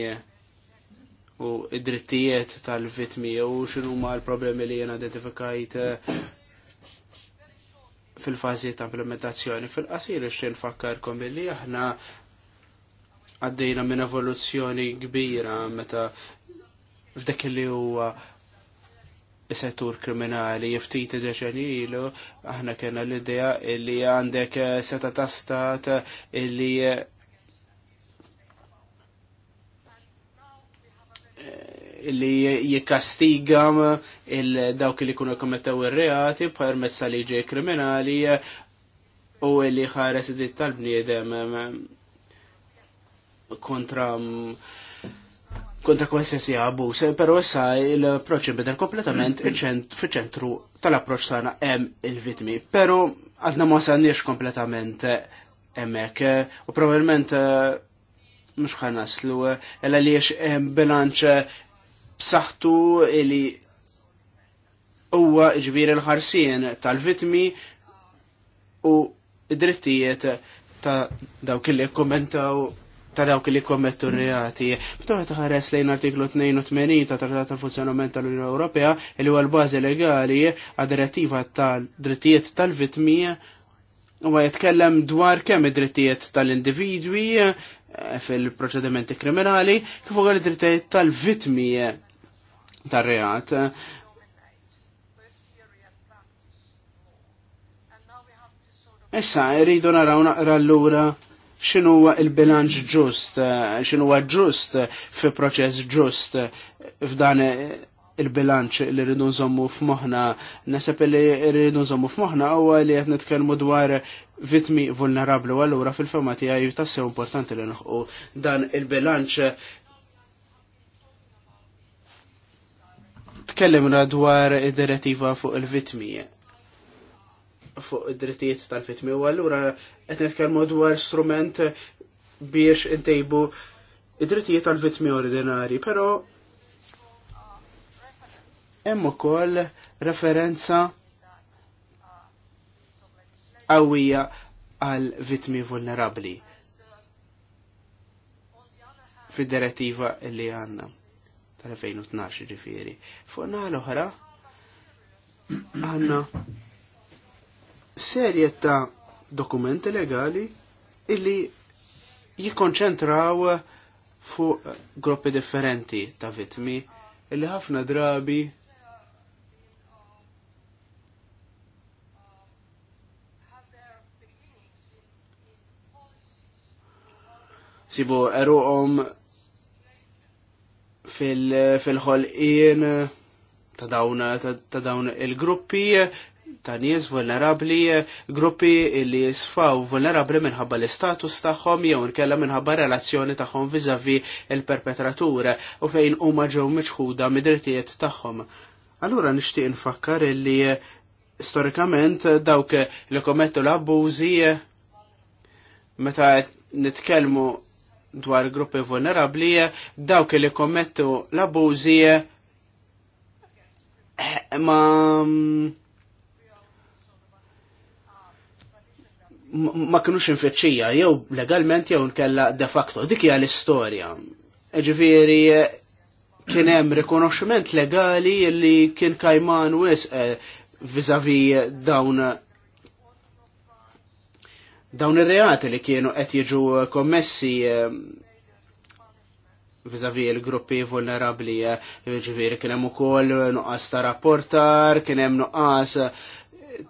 u id-drittijiet tal-vitmi u x'inhuma l-problemi li jena identifikajt fil-fazi ta' implementazzjoni. Fil-qasir ixtien fakkarkom billi aħna għaddejna minn evoluzzjoni kbira meta f'dak li huwa settur kriminali jiftit deċenilu, aħna kena l-idea illi għandek seta ta' stat illi li jikastiga eh, il-dawk li kunu kometaw ir-reati bħal li liġi kriminali eh, u li ħares id tal-bniedem eh, kontra mm, kontra kwestessi għabu. pero issa il-proċ bidel kompletament fiċentru ċentru tal-approċ tagħna hemm il-vitmi. Pero għadna ma sanniex kompletament hemmhekk u probabbilment mux ħanaslu, għalli jiex bilanċ b'saħħtu li huwa ġbir il-ħarsien tal-vitmi u drittijiet ta' dawk li kommentaw ta' dawk li kommettu reati. għet ħares lejn artiklu 82 ta' Trattat ta' Funzjonament tal-Unjoni Ewropea li huwa l-bażi legali għad-direttiva tal-drittijiet tal-vitmi u jitkellem dwar kemm id-drittijiet tal-individwi Eh, fil-proċedimenti kriminali kif ukoll id-drittijiet tal-vittmi tar-reat. Issa, rridu naraw naqra l-lura x'inhuwa il-bilanċ ġust, eh, x'inhuwa ġust fi proċess ġust f'dan il-bilanċ li rridu nżommu f'moħħna. Nasab li rridu nżommu f'moħħna huwa li qed nitkellmu dwar vitmi vulnerabli u allura fil-fema tiegħi tassew importanti li nħu dan il-bilanċ tkellimna dwar id-direttiva fuq il-vitmi fuq id-drittijiet tal-vitmi u allura qed nitkellmu dwar strument biex intejbu id-drittijiet tal-vitmi ordinari, però hemm ukoll referenza qawwija għal vittmi vulnerabli fid-direttiva li għanna tal-2012 ġifiri. Fuq l-oħra għanna serje ta' dokumenti legali illi jikonċentraw fuq gruppi differenti ta' vitmi illi ħafna drabi sibu eruqom fil-ħolqien ta' dawn ta' dawn il-gruppi ta' nies vulnerabli, gruppi li jisfaw vulnerabli minħabba l-istatus tagħhom jew nkella minħabba relazzjoni tagħhom viżavi il-perpetratur u fejn huma ġew miċħuda mid-drittijiet tagħhom. Allura nixtieq nfakkar li storikament dawk li kommettu l-abbużi meta nitkellmu dwar gruppi vulnerabli, dawk li kommettu l-abużi ma ma kinux infeċċija, jew legalment jew nkella de facto. Dik hija l-istorja. Ġifieri kien hemm rikonoxximent legali li kien kajman wisq eh, vizavi dawn dawn ir-reati li kienu qed jiġu kommessi eh, vizavi il gruppi vulnerabli, eh, ġviri, kienem u koll nuqqas ta' rapportar, kienem nuqqas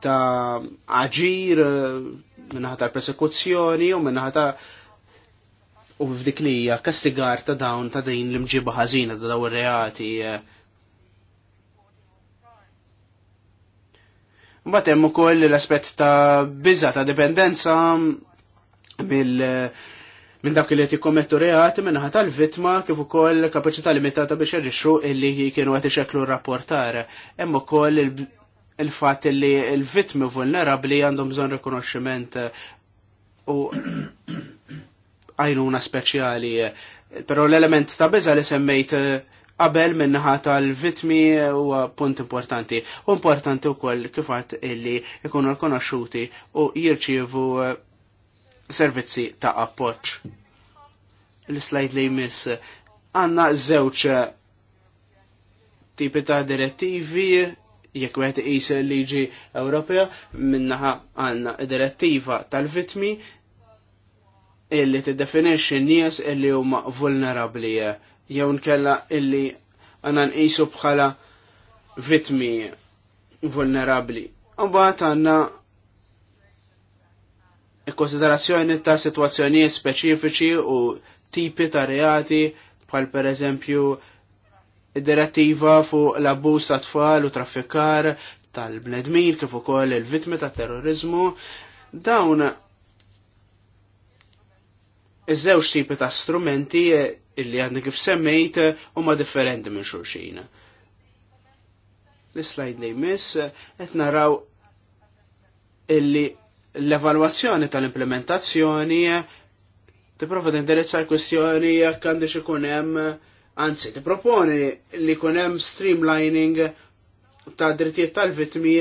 ta' aġir eh, minnaħat ta' persekuzzjoni u minnaħat ta' u f'dik li kastigar ta' dawn ta' din l-imġiba ħażina ta' daw ir-reati Mbagħad hemm ukoll l-aspett ta' biża ta' dipendenza mill minn dak li jtikkommettu reati minnaħa tal-vittma kif ukoll kapaċità limitata biex jaġixxu illi kienu qed ixekklu r-rapportar. Hemm ukoll il-fatt li l-vittmi vulnerabbli għandhom bżonn rikonoxximent u għajnuna speċjali. Però l-element ta' biża li semmejt qabel minnaħa tal-vitmi u punt importanti. U importanti u koll kifat illi ikunu rikonoxxuti u jirċievu eh, servizzi ta' appoċ. L-slajd li jmiss għanna zewċ eh, tipi ta' direttivi jekk wieħed iqis liġi Ewropea minnaħa għandna direttiva tal-vitmi illi tiddefinixxi n-nies illi huma vulnerabbli eh, jew nkella illi għanan nqisu bħala vitmi vulnerabli. Mbagħad għandna konsiderazzjoni ta' situazzjonijiet speċifiċi u tipi ta' reati bħal per eżempju direttiva fuq l-abbuż ta' tfal u traffikar tal-bnedmin kif ukoll il-vittmi ta' terrorizmu dawn iż-żewġ tipi ta' strumenti illi għandna kif semmejt eh, huma differenti minn xulxin. L-slide li jmiss eh, qed naraw illi l-evalwazzjoni tal-implementazzjoni eh, tipprova indirizza l-kwestjoni jekk għandix ikun hemm anzi tipproponi li jkun hemm streamlining ta' drittijiet tal-vitmi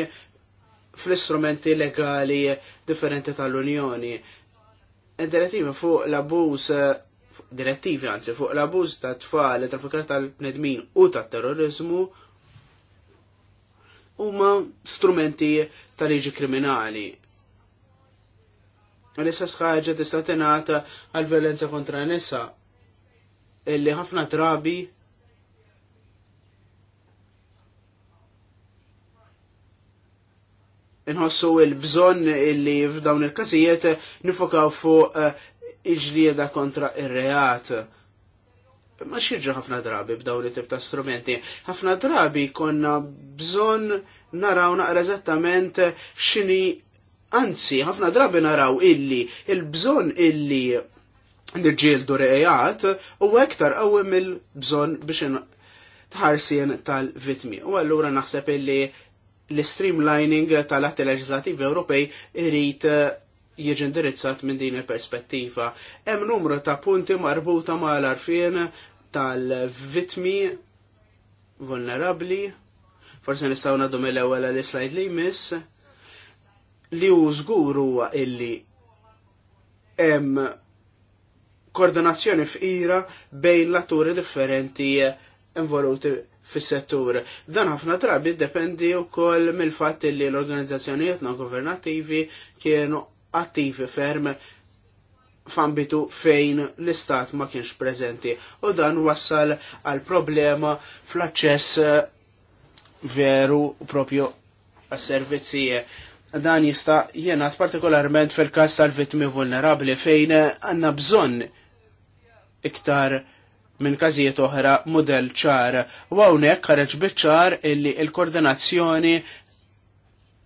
fl-istrumenti legali differenti tal-Unjoni. Ed-direttiva fuq l-abbuż direttivi għanzi fuq l-abuż ta' tfal, trafikar tal-bnedmin u ta' terrorizmu huma strumenti ta' liġi kriminali. l issa ħaġa tista' tingħata għal violenza kontra nisa illi ħafna drabi inħossu il-bżonn illi f'dawn il-każijiet nifokaw fuq eh, iġlieda kontra ir-reat. Ma xieġu ħafna drabi b'daw it-tip ta' strumenti. ħafna drabi konna bżon naraw naqra eżattament xini anzi, ħafna drabi naraw illi, il-bżon illi nirġieldu reqijat u ektar għawim il-bżon biex tħarsien tal-vitmi. U għallura naħseb illi l-streamlining tal-atti leġislativi Ewropej irrit jieġi indirizzat minn din il-perspettiva. Hemm numru ta' punti marbuta ma' l-arfien tal-vitmi vulnerabli, forse nistaw nadu mill-ewwel l-slide li jmiss, li hu żgur huwa illi hemm koordinazzjoni f'ira bejn l-atturi differenti involuti fis-settur. Dan ħafna drabi dependi wkoll mill-fatt li l-organizzazzjonijiet non governattivi kienu attivi ferm f'ambitu fejn l-istat ma kienx preżenti. U dan wassal għal problema fl-aċċess eh, veru propju għas-servizzi. Dan jista' jenat partikolarment fil-każ tal-vittmi vulnerabli fejn għandna bżonn iktar minn każijiet oħra model ċar. U hawnhekk ħareġ biċ-ċar illi l-koordinazzjoni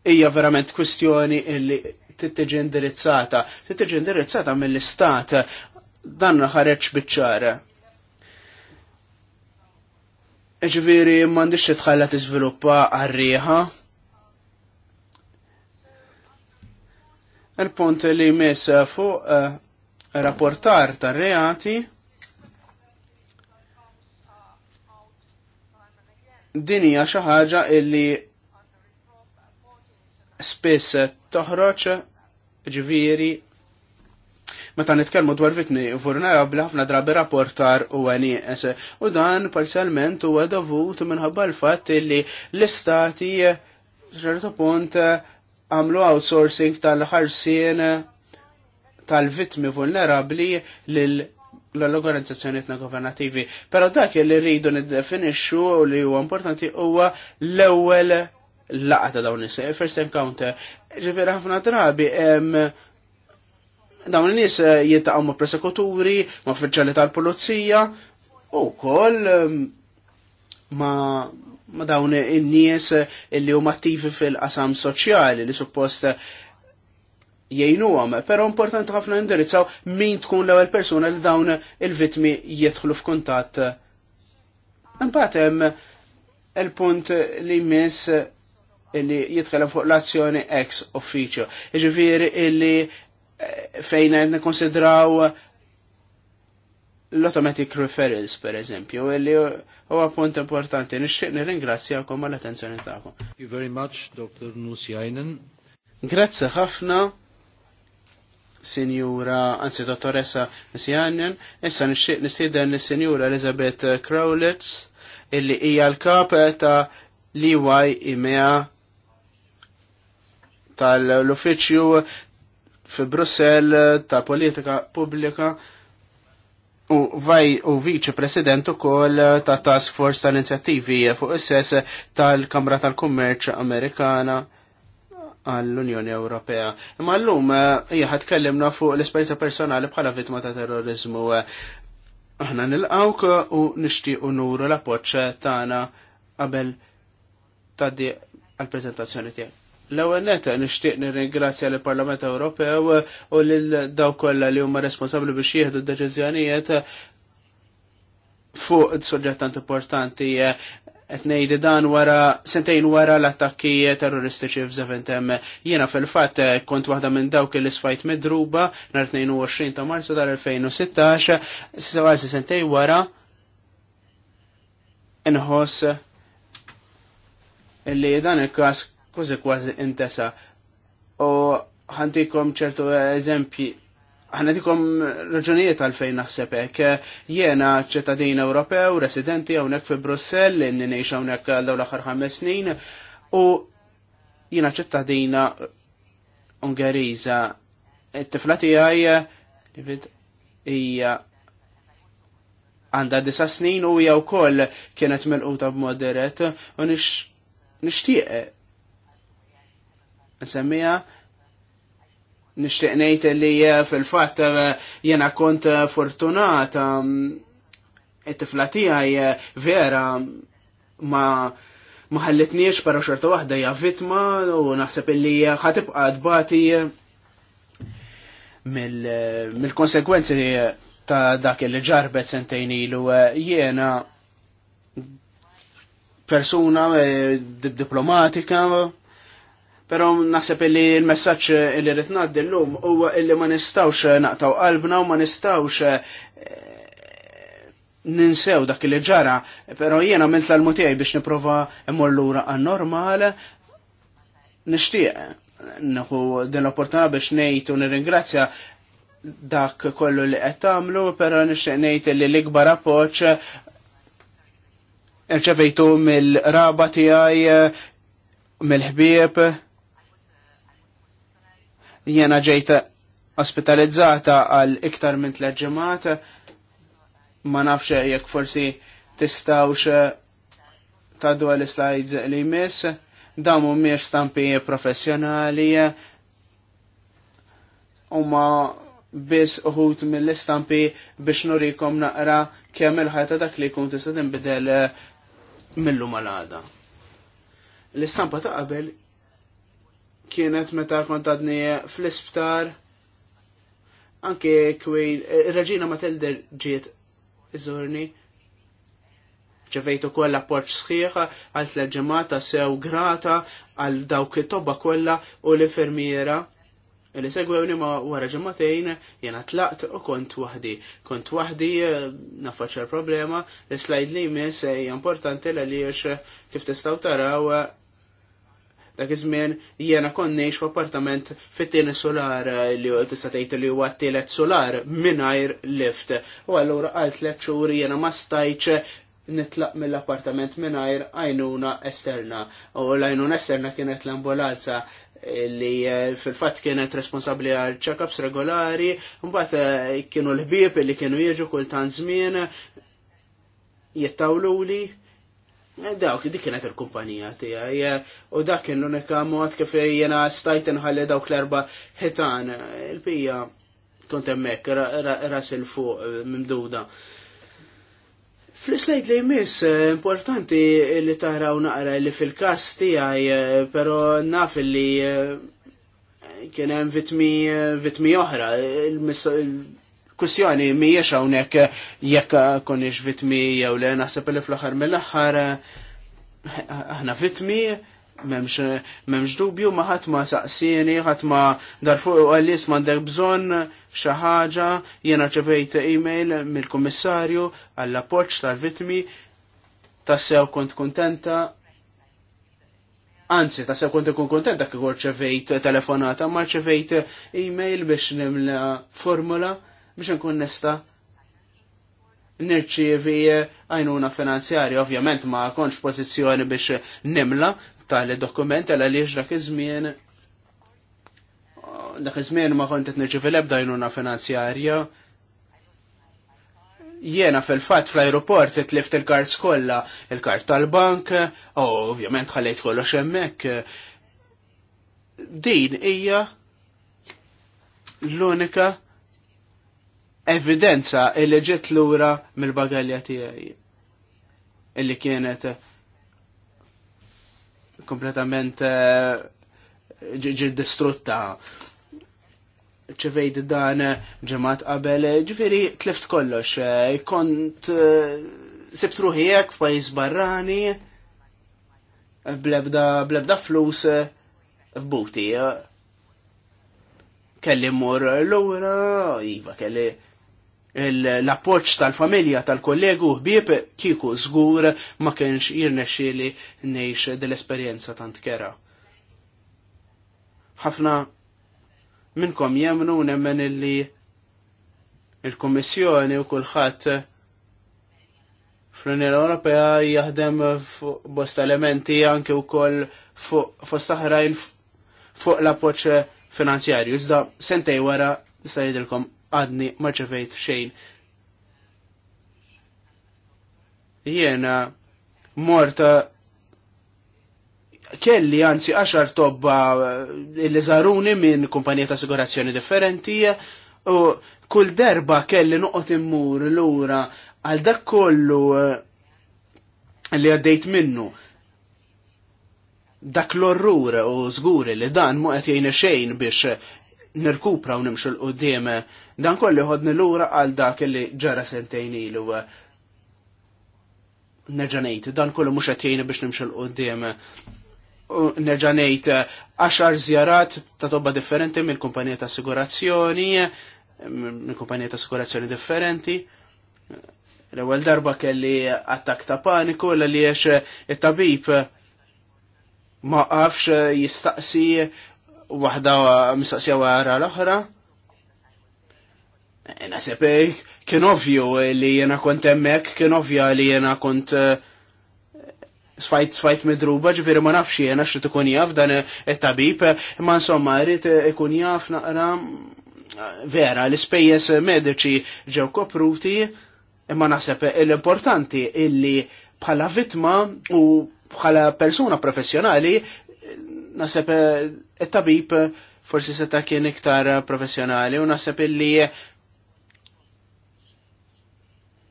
hija verament kwistjoni illi tiġi indirizzata. Tiġi indirizzata mill-istat. Dan ħareġ biċċara. Ġviri, mandiċ titħalla t-izviluppa għarriħa. Il-punt li jmiss fuq eh, rapportar tar reati dinija xi ħaġa illi spiss toħroġ ġviri Meta nitkellmu dwar vittmi vulnerabbli ħafna drabi rapportar u għanies. U dan parzialment huwa dovut minħabba l-fatt li l-istati ċertu punt għamlu outsourcing tal-ħarsien tal-vitmi vulnerabbli l-organizzazzjoniet governativi. Pero dak li rridu niddefinixxu u li huwa importanti huwa l-ewwel laqa ta' dawn is first encounter, ġifir ħafna drabi, dawn n-nis eh, jintaqaw ma' persekuturi, ma' uffiċjali tal-pulizija, u koll ma' ma dawn in-nies eh, illi huma attivi fil-qasam soċjali li suppost eh, jgħinu għam, pero importanti ħafna indirizzaw min tkun l ewwel persuna li dawn il-vitmi jidħlu f'kuntatt. Imbagħad hemm il-punt li miss illi jitkellem fuq l-azzjoni ex officio. Iġifiri illi eh, fejn qed nikkonsidraw l-automatic referrals, per eżempju, illi huwa punt importanti. Nixtieq nirringrazzjakom għall attenzjoni tagħkom. Thank you very much, Dr. Nusjainen. Grazzi ħafna, Sinjura, anzi dottoressa Nusjainen, issa nixtieq nistieden lis-Sinjura Elizabeth Crowlitz illi hija l-kap ta' l-EY IMEA tal-Uffiċċju fi Brussell ta' politika pubblika u vaj u viċi president ukoll ta' task force tal-inizjattivi fuq is-sess tal-Kamra tal-Kummerċ Amerikana għall-Unjoni Ewropea. Imma llum eh, hija ħad tkellimna fuq l-esperjenza personali bħala vittma ta' terrorizmu. Aħna nilqawk u nixtiequ nuru l-appoġġ tagħna qabel tgħaddi għall-preżentazzjoni tiegħek. L-ewwel neta nixtieq nirringrazzja lill parlament Ewropew u lil daw kollha li huma responsabbli biex jieħdu d-deċiżjonijiet fuq suġġett tant importanti qed ngħidi dan wara sentejn wara l-attakki terroristiċi f'Zeventem. Jiena fil-fatt kont waħda minn dawk li sfajt midruba nhar 22 ta' Marzu tal-2016, s-sawazi sentejn wara inħoss li dan il-każ kważi kważi intesa. U ħantikom ċertu eżempji ħantikom raġunijiet għalfejn naħseb hekk. Jiena ċittadin Ewropew, residenti hawnhekk fi Brussell, inni ngħix hawnhekk dawn l-aħħar ħames snin, u jiena ċittadina Ungeriża. It-tifla tiegħi hija għandha disa snin u hija wkoll kienet melquta b'mod dirett u nixtieq nsemmija nishtiqnejt ngħid li eh, fil-fatt eh, jiena kont eh, fortunat mm, it-tifla tiegħi vera ma ma ħallitniex para xorta waħda hija vittma u naħseb illi ħatibqa' tbati mill-konsekwenzi ta' dak li ġarbet sentejn ilu jiena persuna diplomatika Pero naħseb li l-messagġ li rrid ngħaddi llum huwa li ma nistawx eh, naqtaw qalbna u ma nistawx eh, ninsew dak li ġara, pero jiena mill l tiegħi biex nipprova immur lura għan-normal nixtieq eh, nħu din l-opportunità biex ngħid u nirringrazzja dak kollu li qed tagħmlu, però nixtieq ngħid li l-ikbar appoċ irċevejtu mill-raba tiegħi mill-ħbieb Jena ġejta ospitalizzata għal iktar minn tliet ġimgħat ma nafx jekk forsi tistawx eh, taddu għal slides li jmiss dawn mhumiex stampi professjonali huma biss uħut mill-istampi biex nurikom naqra kemm il-ħajta dak li jkun tista' tinbidel eh, mill-lum L-istampa ta' qabel kienet meta kontadni fl-isptar anke kwejl eh, Reġina Matilder ġiet iżurni ġevejtu kolla porċ sħiħa għal tleġemata sew grata għal dawk it-tobba kolla u l-infermiera li segwewni ma wara ġematejn jena tlaqt u kont wahdi. Kont wahdi eh, nafaċa problema, l-slajd li jmiss eh, hija importanti l għaliex kif tistaw taraw Dak iż-żmien jiena konniex f'appartament fit-tieni solar li tista' tgħid li huwa t-tielet solar mingħajr lift. U allura għal tliet xhur jiena ma stajtx nitlaq mill-appartament mingħajr għajnuna esterna. U l-għajnuna esterna kienet l-ambulanza li eh, fil-fat kienet responsabli għal check-ups regolari, mbagħad eh, kienu l-ħbieb li kienu jiġu kultant żmien jittawlu li Eh, dawk, dik kienet il-kumpanija tiegħi eh, u dak kien l-unika mod kif jiena stajt inħalli dawk l-erba' ħitan. Il-pija kont hemmhekk ras il fuq eh, mimduda. fl istajt li jmiss, importanti li taraw naqra li fil-kas tiegħi, però naf li kien hemm vitmi oħra, kussjoni mhijiex hawnhekk eh, jekk eh, konniex vitmi jew le naħseb li fl-aħħar mill-aħħar eh, aħna vitmi memx, dubju ma ħatma ma saqsini, ħatma darfu u għallis m'għandek bżonn xi ħaġa, jiena e email mill-kummissarju għall-appoġġ tal-vitmi tassew kont kontenta Anzi, ta' se kont ikun kontenta kif ċevejt telefonata, ma ċevejt email biex nimla formula biex nkun nista nirċievi eh, għajnuna finanzjarja. Ovvjament ma konċ pozizjoni biex nimla tal-dokument għal li dak iż-żmien dak iż-żmien ma kont qed nirċievi lebda ebda għajnuna finanzjarja. Jiena fil-fatt fl-aeroport tlift il kart kollha, il-kart tal-bank, ovvjament ħallejt kollox hemmhekk. Din hija l-unika evidenza illi ġiet lura mill-bagalja tiegħi illi kienet eh, kompletament eh, ġi distrutta ċevejt dan ġemat qabel, eh, ġifiri tlift kollox, kont sebtruħijek f'pajis barrani, blebda, blebda flus f'buti. Kelli mor l-ura, jiva kelli l-appoċ tal-familja tal-kollegu bieb kiku żgur ma kienx jirnexxieli ngħix dell-esperjenza tant kera. Ħafna minnkom jemnu nemmen illi il komissjoni u kulħadd fl-Unjoni Ewropea jaħdem fuq bost elementi anke wkoll fuq fost saħrajn fuq l-appoċ finanzjarju. Iżda sentej wara sa jidilkom għadni maġġavejt xejn. Jena morta kelli anzi għaxar tobba eh, li zaruni minn kumpanija ta' assigurazzjoni differenti u kull derba kelli nuqot immur l-ura għal dak kollu eh, li għaddejt minnu dak l-orrur u zgur li dan muqet qed jgħin xejn biex nirkupra u nimxu l-qudiem eh, Dan kolli ħodni lura għal dak li ġara sentejn ilu. Nerġanejt, dan kollu mhux qed jgħinni biex l qudiem. Nerġanejt għaxar żjarat ta' tobba differenti minn kumpanija ta' assigurazzjoni, minn kumpanija ta' assigurazzjoni differenti. L-ewwel darba kelli attak ta' paniku l li it-tabib ma għafx jistaqsi waħda mistaqsija wara l-oħra Nasib, eh, kien ovvju eh, li jena kont emmek, kien ovvja li jena kont eh, sfajt sfajt midruba, ġifiri ma nafx jena xri ikun jaf dan it-tabib, ma insomma rrit ikun jaf naqra vera l-spejjes medici ġew kopruti, imma nasep l-importanti illi bħala vitma u bħala persuna professjonali nasep it-tabib forsi seta kien iktar professjonali u nasep illi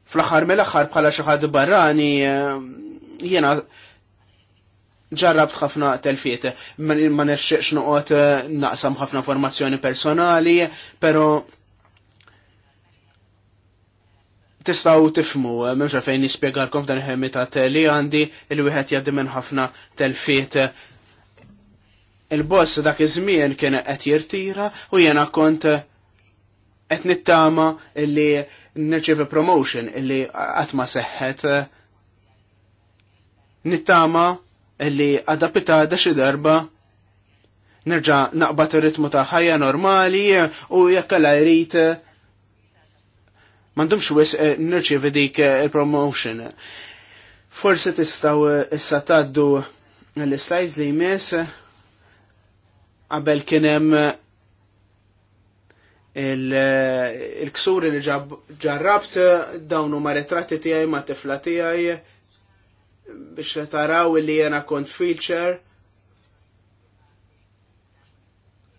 fl-axar mill-axar bħala xi ħadd barrani eh, jiena ġarrabt ħafna telfiet, ma nirxieqx noqgħod eh, naqsam ħafna formazzjoni personali, però tistaw tifmu, eh, memx għalfejn nispiegarkom dan il-ħemitat li għandi il-wieħed jaddi minn ħafna telfiet il-boss dak iż-żmien kien qed jirtira u jiena kont qed nittama li nirċevi promotion illi għatma seħħet nittama illi adapita da xi darba nerġa naqbad ir-ritmu ta' ħajja normali u jekk alla jrid m'għandhomx wis eh, nirċievi dik eh, il-promotion. Forsi tistgħu eh, issa tgħaddu l-slides li jmiss qabel kien hemm il-ksuri li ġarrabt dawnu ma retratti tijaj ma tifla tijaj biex taraw li jena kont feature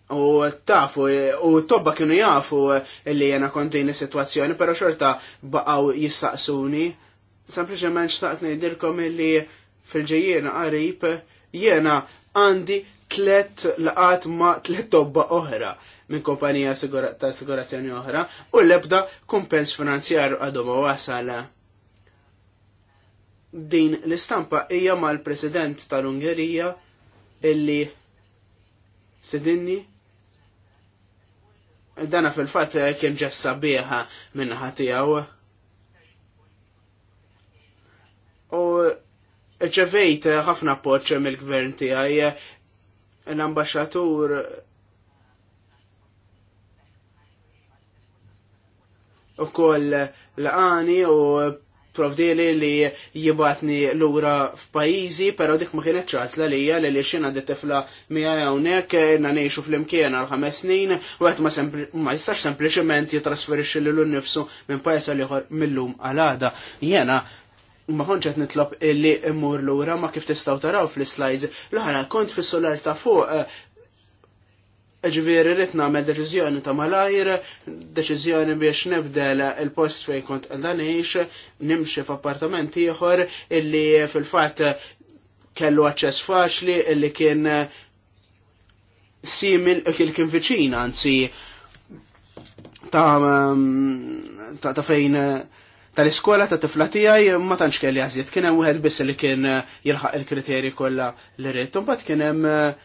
u tafu u tobba kienu jafu li jena kont din situazzjoni pero xorta baqaw jistaqsuni sempliciment xtaqt nejdirkom li fil-ġejjien qarib jena għandi tlet laqat ma tlet tobba oħra minn kompanija ta' assigurazzjoni oħra u l-ebda kumpens finanzjar għadhom wasal. Din l-istampa hija mal-President tal-Ungerija illi sedinni dana fil-fat kien ġessa biħa minn ħatijaw. U ċevejt ħafna poċ mill-gvern tijaj l ambasġatur u koll l-għani u provdili li jibatni l-ura f'pajizi, pero dik ma kienet ċasla li li xina di tifla mija hawnhekk na ngħixu flimkien għal ħames snin u qed ma jistax sempliċement jitrasferixxi lilu nnifsu minn pajjiż għal ieħor millum għal għada. Jena ma konċet nitlob illi immur l-ura ma kif tistaw taraw fl-slides l-ħana kont fis solar ta' fuq Ġviri rrit namel deċizjoni ta' malajr, deċizjoni biex nibdel il-post fejn kont għaldanix, nimxie f'appartament ieħor illi fil-fat kellu aċċess faċli illi kien simil kien viċin anzi mm, ta' ta' fejn tal-iskola ta' tifla tiegħi ma tantx kelli għażiet, kien hemm wieħed biss li kien eh, jilħaq il-kriterji kollha li rrid. Imbagħad kien hemm eh,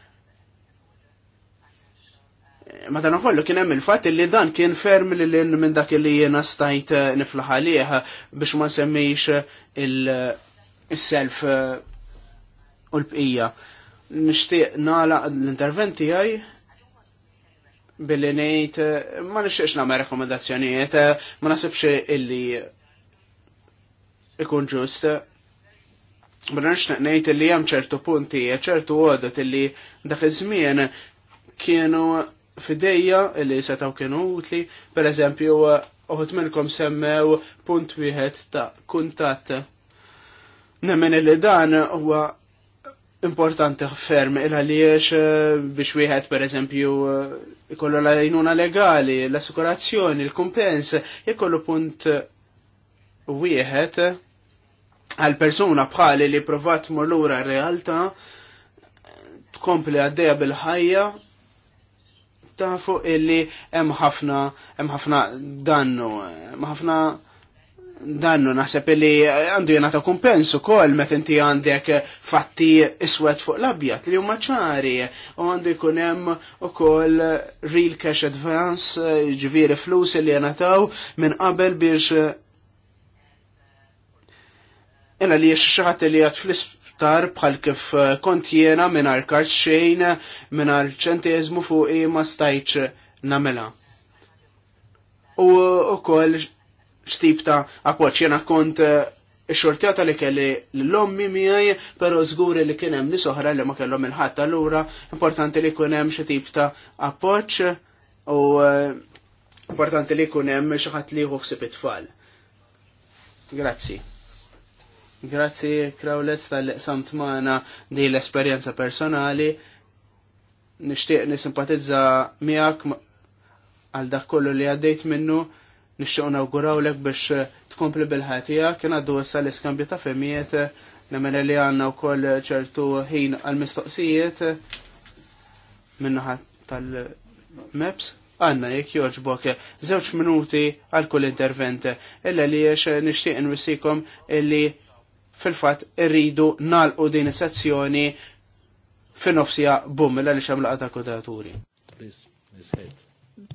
Madana kollu kien hemm il-fatt li dan kien ferm li l minn dak li jiena stajt eh, niflaħ għalih eh, biex ma semmix eh, il-self u l-bqija. Nixtieq nagħlaq l-intervent tiegħi billi ngħid ma nixtieqx nagħmel rekomendazzjonijiet, ma nasibx illi ikun ġust. Ma nixtieq ngħid illi hemm ċertu punti, ċertu għodot illi dak iż-żmien kienu fideja li setaw kienu utli, per eżempju, uħut minnkom semmew punt wieħed ta' kuntat. Nemmen li dan huwa importanti ferm il għaliex eh, biex wieħed per eżempju eh, ikollu la għajnuna legali, l-assikurazzjoni, l-kumpens, jekollu punt wieħed għal persuna bħali li provat mollura r-realtà tkompli għaddeja bil-ħajja tafu illi hemm ħafna hemm ħafna dannu, hemm ħafna dannu naħseb illi għandu jenata kumpensu ukoll meta inti għandek fatti iswed fuq l-abjad li huma ċari u għandu jkun hemm ukoll real cash advance, ġifieri flus li jenataw minn qabel biex Ena li jiex xaħat li għat aktar bħal kif eh, kont jena minar kart xejn minar ċentezmu fuq e ma stajċ namela. U ukoll xtib ta' apoċ jena kont eh, xortjata li kelli l lommi miħaj, pero zguri li kienem nisohra li ma kellom il-ħatta l-ura, importanti li kunem xtib ta' apoċ u eh, importanti li kunem xaħat li it tfal. Grazzi. Grazzi Krawlez tal-liqsamt maħna di l-esperienza personali. Nishtiq nisimpatizza miegħek għal dak kollu li għaddejt minnu. Nixtieq nawgurawlek biex eh, tkompli bil-ħatija. Kena għaddu issa l-iskambju ta' femijiet eh, nemmen li għanna wkoll ċertu ħin għal-mistoqsijiet eh, minnaħat tal-MEPS għanna jek joġbok zewċ minuti għal kull intervent. Illa li jiex nishtiq nwissikom illi fil-fat irridu nalqu din is-sezzjoni fin-nofsija bum mill għaliex hemm laqgħa ta' kodaturi.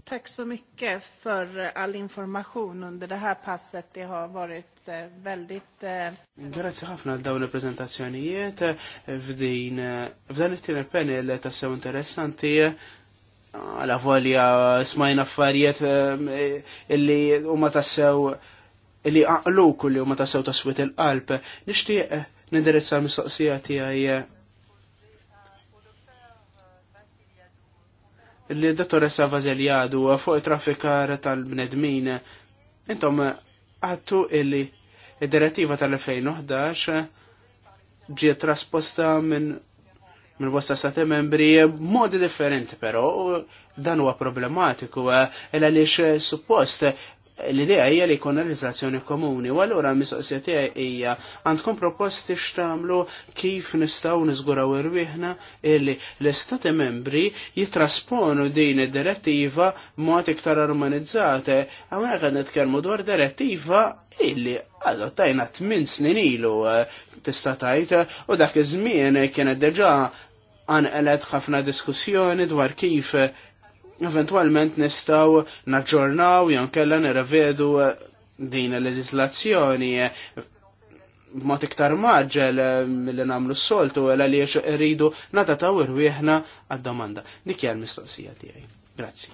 Tack så mycket för eh, all information under det här passet. Det har varit eh, väldigt... Eh, Grazie ħafna għal dawn il-prezentazzjonijiet f'din f'dan it-tieni panel ta' sew interessanti għala volja smajna affarijiet illi huma tassew sew li għaqlu kulli u ma tassew taswit il-qalb. Nishtiq eh, nindirizza mistoqsija tiegħi eh, li dottoressa Vazeljadu eh, fuq traffikar tal-bnedmin. Intom għattu illi id-direttiva tal-2011 ġiet trasposta minn minn bosta stati membri modi differenti però dan huwa problematiku għal għaliex suppost l-idea hija li jkun realizzazzjoni komuni u allura mistoqsija tiegħi hija għandkom proposti x'tagħmlu kif nistgħu niżguraw irwieħna illi l-istati membri jitrasponu din id-direttiva mod iktar armonizzate hawnhekk qed nitkellmu dwar direttiva illi adottajna tmien snin ilu eh, tista' tgħid u dak iż-żmien kienet deġa għanqelet ħafna diskussjoni dwar kif eventualment nistaw naġġornaw jew kella nirrevedu eh, din il-leġislazzjoni eh, b'mod iktar maġġel eh, mill-li namlu s-soltu għaliex rridu natataw irwieħna għad-domanda. Dik mistoqsija tiegħi. Grazzi.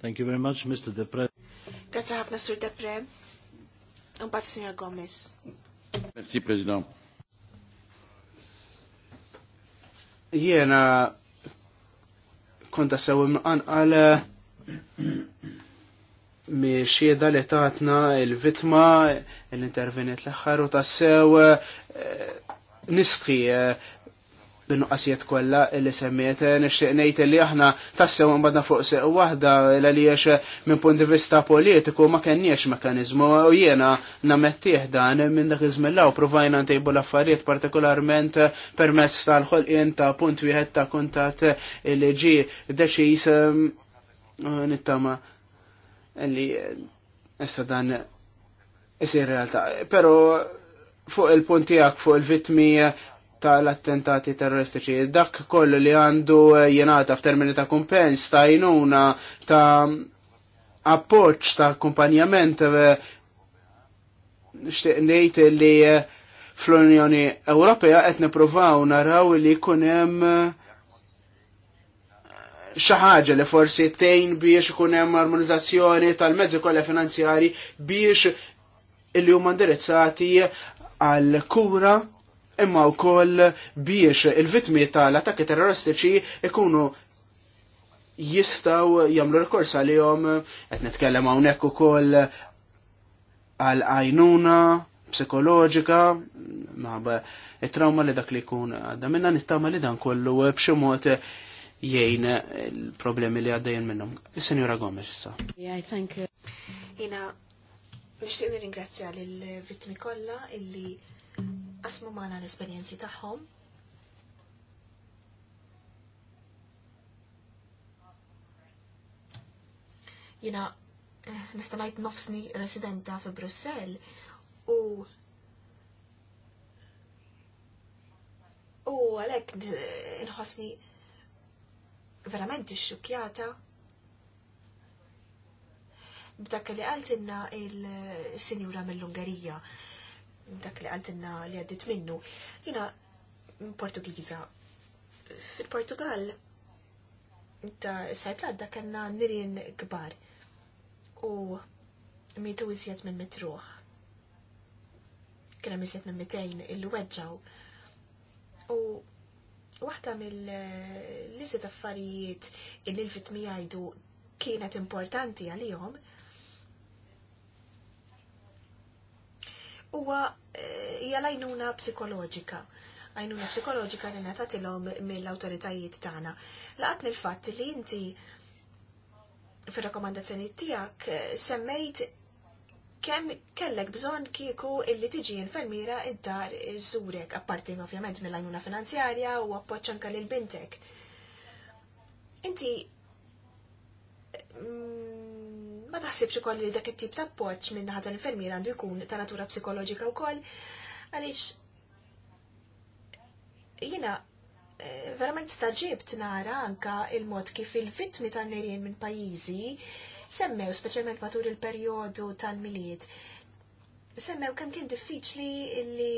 Thank you very much, Mr. Depre. Grazie ħafna, Sur Depre. Un bat, Signor Gomez. Merci, President. Jena konta sew imqan għal eh, mi xieda li tatna il-vitma l-intervenet l-axħar u tassew eh, nistħi eh, bin-nuqqasijiet kollha li semmiet nixtieq ngħid li aħna tassew imbagħadna fuq seq waħda l għaliex minn punt di vista politiku ma kenniex mekkaniżmu u jiena namettih dan minn dak iżmillaw provajna ntejbu l-affarijiet partikolarment permezz tal-ħolqien ta' punt wieħed ta' kuntat li ġi deċis um, nittama li issa dan isir realtà. Però fuq il tiegħek fuq il-vitmi tal-attentati terroristiċi. Dak kollu li għandu eh, jenata f'termini ta' kumpens, ta' jinuna, ta' appoċ, ta' kumpanjament, eh, nejt li eh, fl-Unjoni Ewropea qed nippruvaw naraw li jkun hemm xi ħaġa li forsi tejn biex ikun hemm armonizzazzjoni tal-mezzi kollha finanzjari biex illi huma indirizzati għal kura imma wkoll biex il-vitmi tal-attakki terroristiċi ikunu jistaw jamlu għal-jom, għalihom qed nitkellem hawnhekk ukoll għal għajnuna psikoloġika maħba it-trauma li dak li jkun għadda minna nittama li dan kollu b'xi mod jgħin il-problemi li għaddejjen minnhom. is Yeah, thank you. Jina nixtieq nirringrazzja lill-vittmi kollha illi qasmu maħna l-esperjenzi tagħhom. Jina eh, nista' ngħid nofsni residenta fi Brussell u u għalhekk eh, nħosni verament ixxukjata b'dak li għaltinna il-sinjura mill-Ungerija dak li għaltinna li għaddit minnu. Jina Portugiza. Fil-Portugal, da sajplat da kanna nirin gbar u mitu iżjed minn mitruħ. Kena miżjed minn mitejn il-weġġaw. U waħda mill-liżet affarijiet il mi jgħidu kienet importanti għalihom, huwa eh, hija l-għajnuna psikoloġika. Għajnuna psikoloġika li natatilhom mill-awtoritajiet tagħna. Laqat nil fatt li inti fir-rakkomandazzjoni tiegħek eh, semmejt kemm kellek bżonn kieku illi tiġi infermiera id-dar iżurek, apparti ovvjament mill-għajnuna finanzjarja u appoġġ anke lil bintek. Inti mm, ma taħsibx ukoll li dak it-tip ta' appoġġ minn ħadd l-infermier għandu jkun ta' natura psikoloġika wkoll għaliex jiena eh, verament staġibt nara anka il-mod kif il-vittmi tan nirien minn pajjiżi semmew speċjalment matul il-perjodu tal-miliet. Semmew kemm kien diffiċli li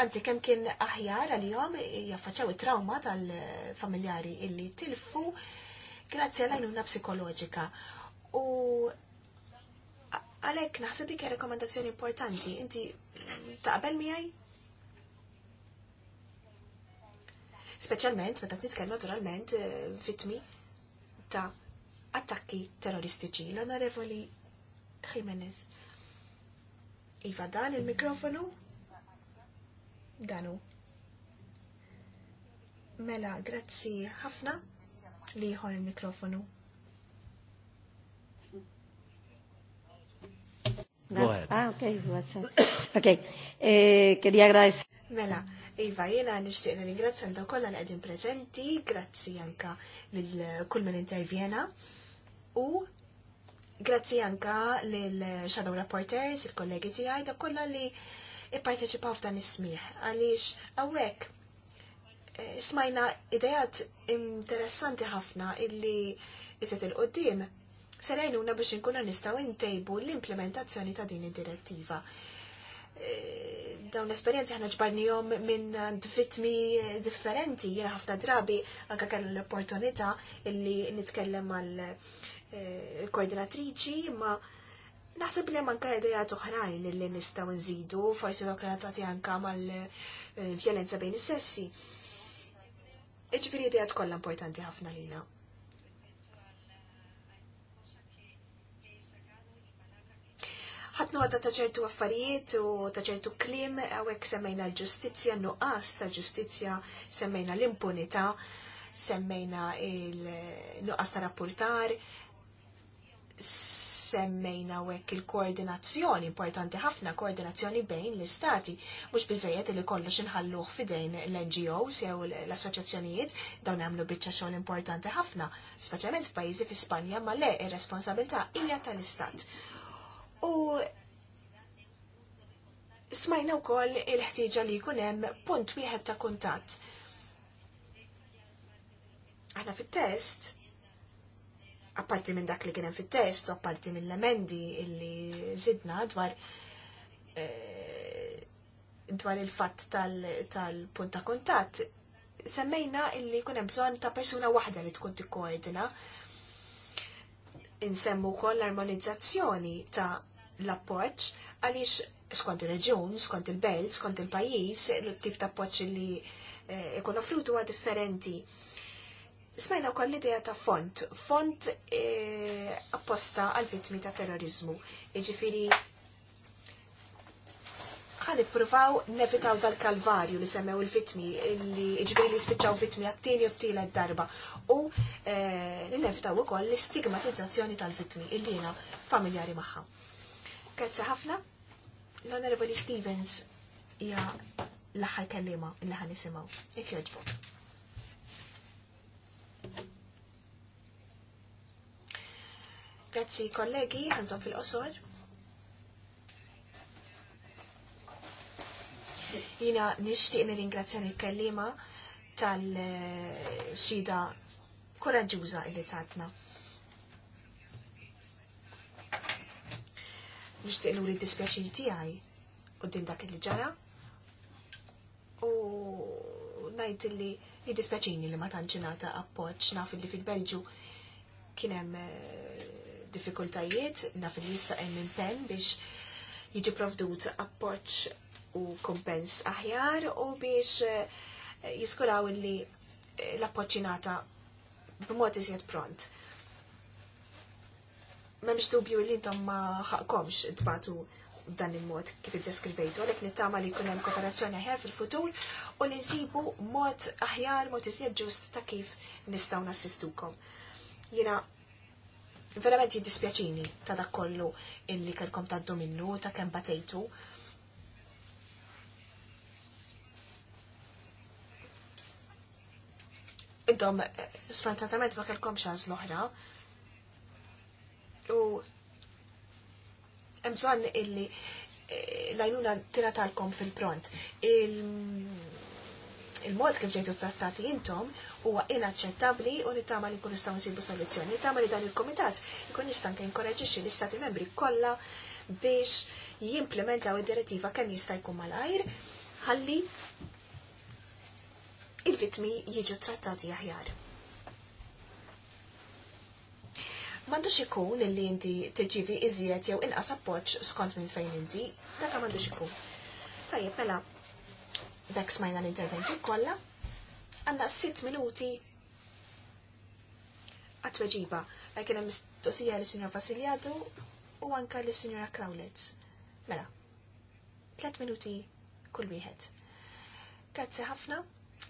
għanzi eh, kem kien aħjar għal-jom jaffaċaw it-trauma tal-familjari illi tilfu grazzi għal-għajnuna psikoloġika. U għalek naħseb dikja rekomendazzjoni importanti, inti taqbel miegħi? Speċjalment meta titkellem naturalment eh, vitmi ta' attakki terroristiċi. L-Onorevoli Jimenez. Iva dan il-mikrofonu? Danu. Mela, grazzi ħafna liħor il-mikrofonu. Ah, ok, ok. Kedi eh, għagrajs. Mela, Iva, jena nishtiqna li grazzan daw kolla l-għedin prezenti, grazzi anka l-kull minn intervjena u grazzi anka l-Shadow Reporters, il-kollegi tijaj, daw kolla li i-parteċipaw f'dan ismiħ, għalix għawek smajna idejat interessanti ħafna illi jizet il-qoddim serajnuna biex nkunu nistaw intejbu l-implementazzjoni ta' din id-direttiva. E, dawn l-esperienzi ħana ġbarnijom minn vitmi differenti, jena ħafna drabi anka kellu l-opportunità illi nitkellem mal e, koordinatriċi ma Naħseb li manka idejat oħrajn li nistaw nżidu, forsi dok relatati anka mal-vjolenza e, bejn is-sessi Iġviri idejat kolla importanti ħafna lina. ħatnu għadda ta' ċertu affarijiet u ta' ċertu klim, għawek semmejna l-ġustizja, nuqqas ta' ġustizja, semmejna l-impunita, semmejna il-nuqqas ta' rapportar, semmejna hekk il-koordinazzjoni, importanti ħafna koordinazzjoni bejn l-istati, mux bizzejiet li kollox inħalluh fidejn l-NGOs jew l assoċjazzjonijiet dawn għamlu bieċa xogħol importanti ħafna, speċjalment f'pajjiżi fi Spanja ma le ir-responsabilità hija tal-istat. U smajna wkoll il-ħtieġa li jkun hemm punt wieħed ta' kuntatt. Aħna fit-test apparti minn dak li kien hemm fit-test, apparti minn l-emendi illi zidna dwar eh, dwar il-fatt tal-punt ta' kuntatt, semmejna illi jkun hemm bżonn ta' persuna waħda li tkun koordina. Insemmu wkoll l-armonizzazzjoni ta' l-appoġġ għaliex skont ir-reġjun, skont il-belt, skont il-pajjiż, il-tip ta' appoġġ li eh, ikun offrutu huwa differenti. Smajna wkoll kolli ta' font, font e, apposta għal vittmi ta' terrorizmu. Iġifiri, ħan ippruvaw nevitaw dal-kalvarju li semmew il-vittmi, li iġbiri li spiċċaw vittmi għattini u t-tila darba U e, li nevitaw u koll l-stigmatizzazzjoni tal-vittmi, illi jena familjari maħħa. Grazie ħafna, l-Honorable Stevens hija l-ħaj kellima, l-ħan nisimaw. Ikjoġbok. Grazzi kollegi, għanżom fil-qosor. Jina nishtiq nir-ingrazzja il-kellima tal-xida koraġuża li tatna. Nishtiq l-uri dispjaċir tijaj u din dak li ġara u najt li jidispeċini li ma tanċinata appoċ naf li fil-Belġu kienem diffikultajiet naf li jissa hemm impenn biex jiġi provdut appoġġ u kompens aħjar u biex eh, jiskuraw li eh, l-appoġġinata b'mod iżjed pront. M'hemmx dubju li intom ma ħaqkomx tbatu dan il-mod kif iddeskrivejtu, għalhekk nittama li jkun hemm kooperazzjoni aħjar fil-futur u li nsibu mod aħjar, mod iżjed ġust ta' kif nistgħu nassistukom. Jiena verament jiddispjaċini ta' dak kollu illi kelkom taddu minnu ta' kemm batejtu. Intom, sfortunatament ma kelkom xans l-oħra. U hemm bżonn illi eh, lajnuna tiratalkom fil-pront. Il il-mod kif ġejtu trattati intom huwa inaċċettabbli u nittama li nkunu nistgħu nsibu soluzzjoni. Nittama li dan il-Kumitat ikun jista' anke jinkoraġixxi l-Istati membri kollha biex jimplementaw id-direttiva kemm jista' jkun malajr ħalli il-vitmi jiġu trattati aħjar. Mandux ikun li inti tirċivi iżjed jew inqas appoġġ skont minn fejn inti, dak mandux ikun. Tajjeb, mela, dak smajna l-interventi kollha, għanna sitt minuti għatweġiba, tweġiba Kien hemm mistoqsija l signor Vasiljadu u għanka l-Signora Krawlitz. Mela, tlet minuti kull wieħed. Grazzi ħafna,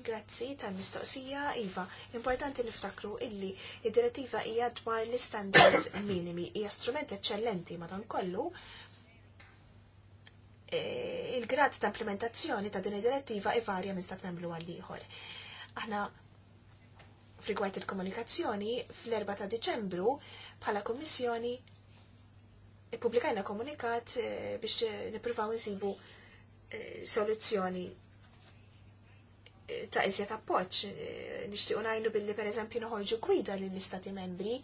grazzi tal-mistoqsija, Iva, importanti niftakru illi id-direttiva hija dwar l-standards minimi, hija strument eċċellenti madankollu kollu Eh, il-grad ta' implementazzjoni ta' din id-direttiva ivarja e minn stat membru għall ieħor. Aħna frigwajt il-komunikazzjoni fl-4 ta' Deċembru bħala Kummissjoni ippubblikajna e komunikat eh, biex nippruvaw insibu eh, soluzzjoni ta' iżjed appoċ. Nixtiequ ngħidu billi pereżempju noħorġu gwida lill istati membri,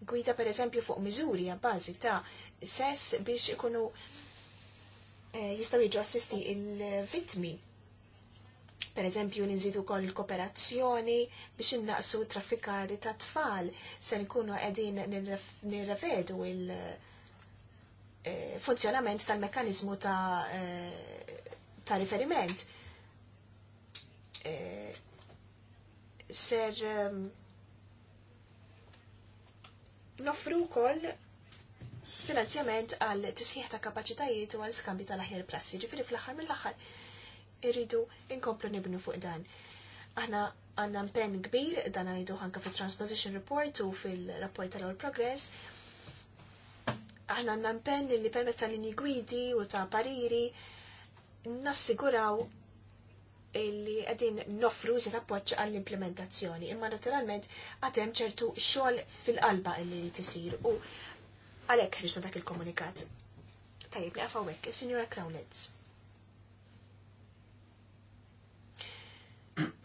gwida pereżempju fuq miżuri għabbażi ta' sess biex ikunu Eh, jistaw jiġu assisti il-vitmi. Per eżempju, ninżidu kol kooperazzjoni biex innaqsu traffikari ta' tfal, se nkunu għedin nirrevedu il-funzjonament eh, tal mekanizmu ta', eh, ta riferiment. Ser ehm, nofru kol finanzjament għal tisħiħ ta' kapaċitajiet u għal skambju tal-aħjar prassi, ġifiri fl-aħħar mill-aħħar irridu inkomplu nibnu fuq dan. Aħna għanna mpen kbir, dan għajdu ħanka fil-Transposition Report u fil-rapport tal-All Progress. Aħna għanna mpen li permess tal-lini gwidi u ta' pariri nassiguraw illi għedin nofru zi rapport għall-implementazzjoni. Imma naturalment għatem ċertu xol fil-qalba illi li tisir u Għalek ħriġna dak il-komunikat. Tajib li għafawek, il-Signora Crownlitz.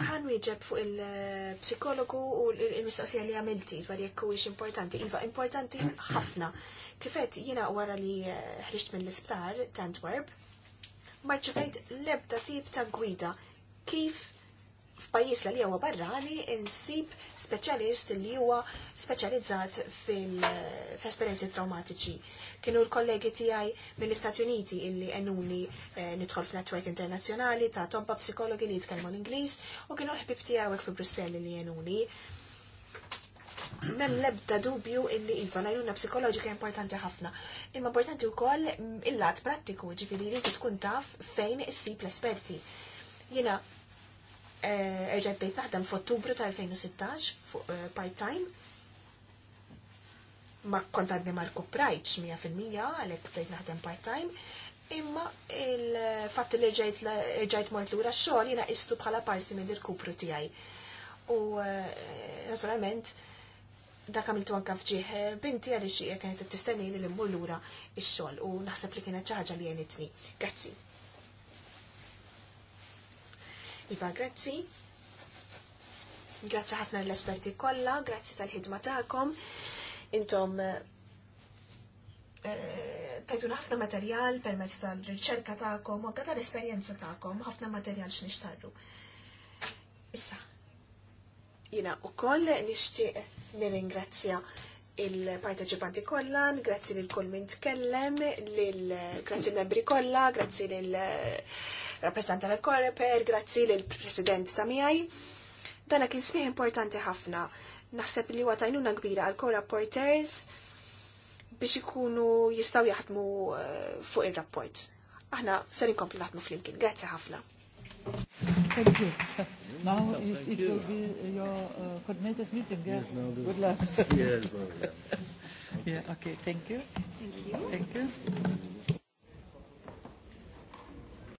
ħan wieġeb fuq il-psikologu u il-mistoqsija li għamilti dwar jekk huwiex importanti. Iva, importanti ħafna. Kifet jiena wara li ħriġt mill-isptar ta' Antwerp, marċevejt lebda tip ta' gwida kif f'pajjiż li huwa barrani insib speċjalist li huwa speċjalizzat fil-esperjenzi traumatiċi. Kienu l-kollegi tiegħi mill-Istati Uniti illi għenuni eh, nidħol f'netwerk internazzjonali ta' tomba psikologi li jitkellmu l-Ingliż u kienu l-ħbib tiegħi fi Brussell li għenuni. Mem lebda dubju illi iva l-għajnuna psikoloġika importanti ħafna. Imma importanti u koll il-lat prattiku ġifiri li tkun taf fejn issib l-esperti. Jina, Eh, erġet bejt naħdem f'Ottubru tal-2016 fuq eh, part-time. Ma kont għadni marku prajċ 100% għalek bdejt naħdem part-time. Imma il-fatt li ġajt mort l-ura xogħol jiena qistu bħala parti minn il-kupru tiegħi. U eh, naturalment dak għamiltu anka fġieħ binti għaliex hija kienet tistenni li l-immur lura x-xogħol u naħseb li kienet ċaħġa li għenitni. Grazzi. Iva, grazzi. Grazzi ħafna l-esperti kollha, grazzi tal-ħidma tagħkom. Intom eh, eh, tajtuna ħafna materjal permezz tal-riċerka tagħkom u tal-esperjenza tagħkom, ħafna materjal x'nixtarru. Issa, jina u koll nixtieq nirringrazzja il-parteċipanti kollha, grazzi lil kull min tkellem, grazzi l-membri kollha, grazzi lil rappresentant tal-Koreper, grazzi lill president ta' miegħi. Dan kien smih importanti ħafna. Naħseb li huwa tajnuna kbira għal co porters biex ikunu jistaw jaħdmu eh, fuq ir-rapport. Aħna ser inkomplu naħdmu flimkien. Grazzi ħafna. Thank you. Now it, it will be your uh, coordinators meeting. Yeah? Yes, now Good luck. yes, well, yeah. yeah, okay, thank you. Thank you. Thank you.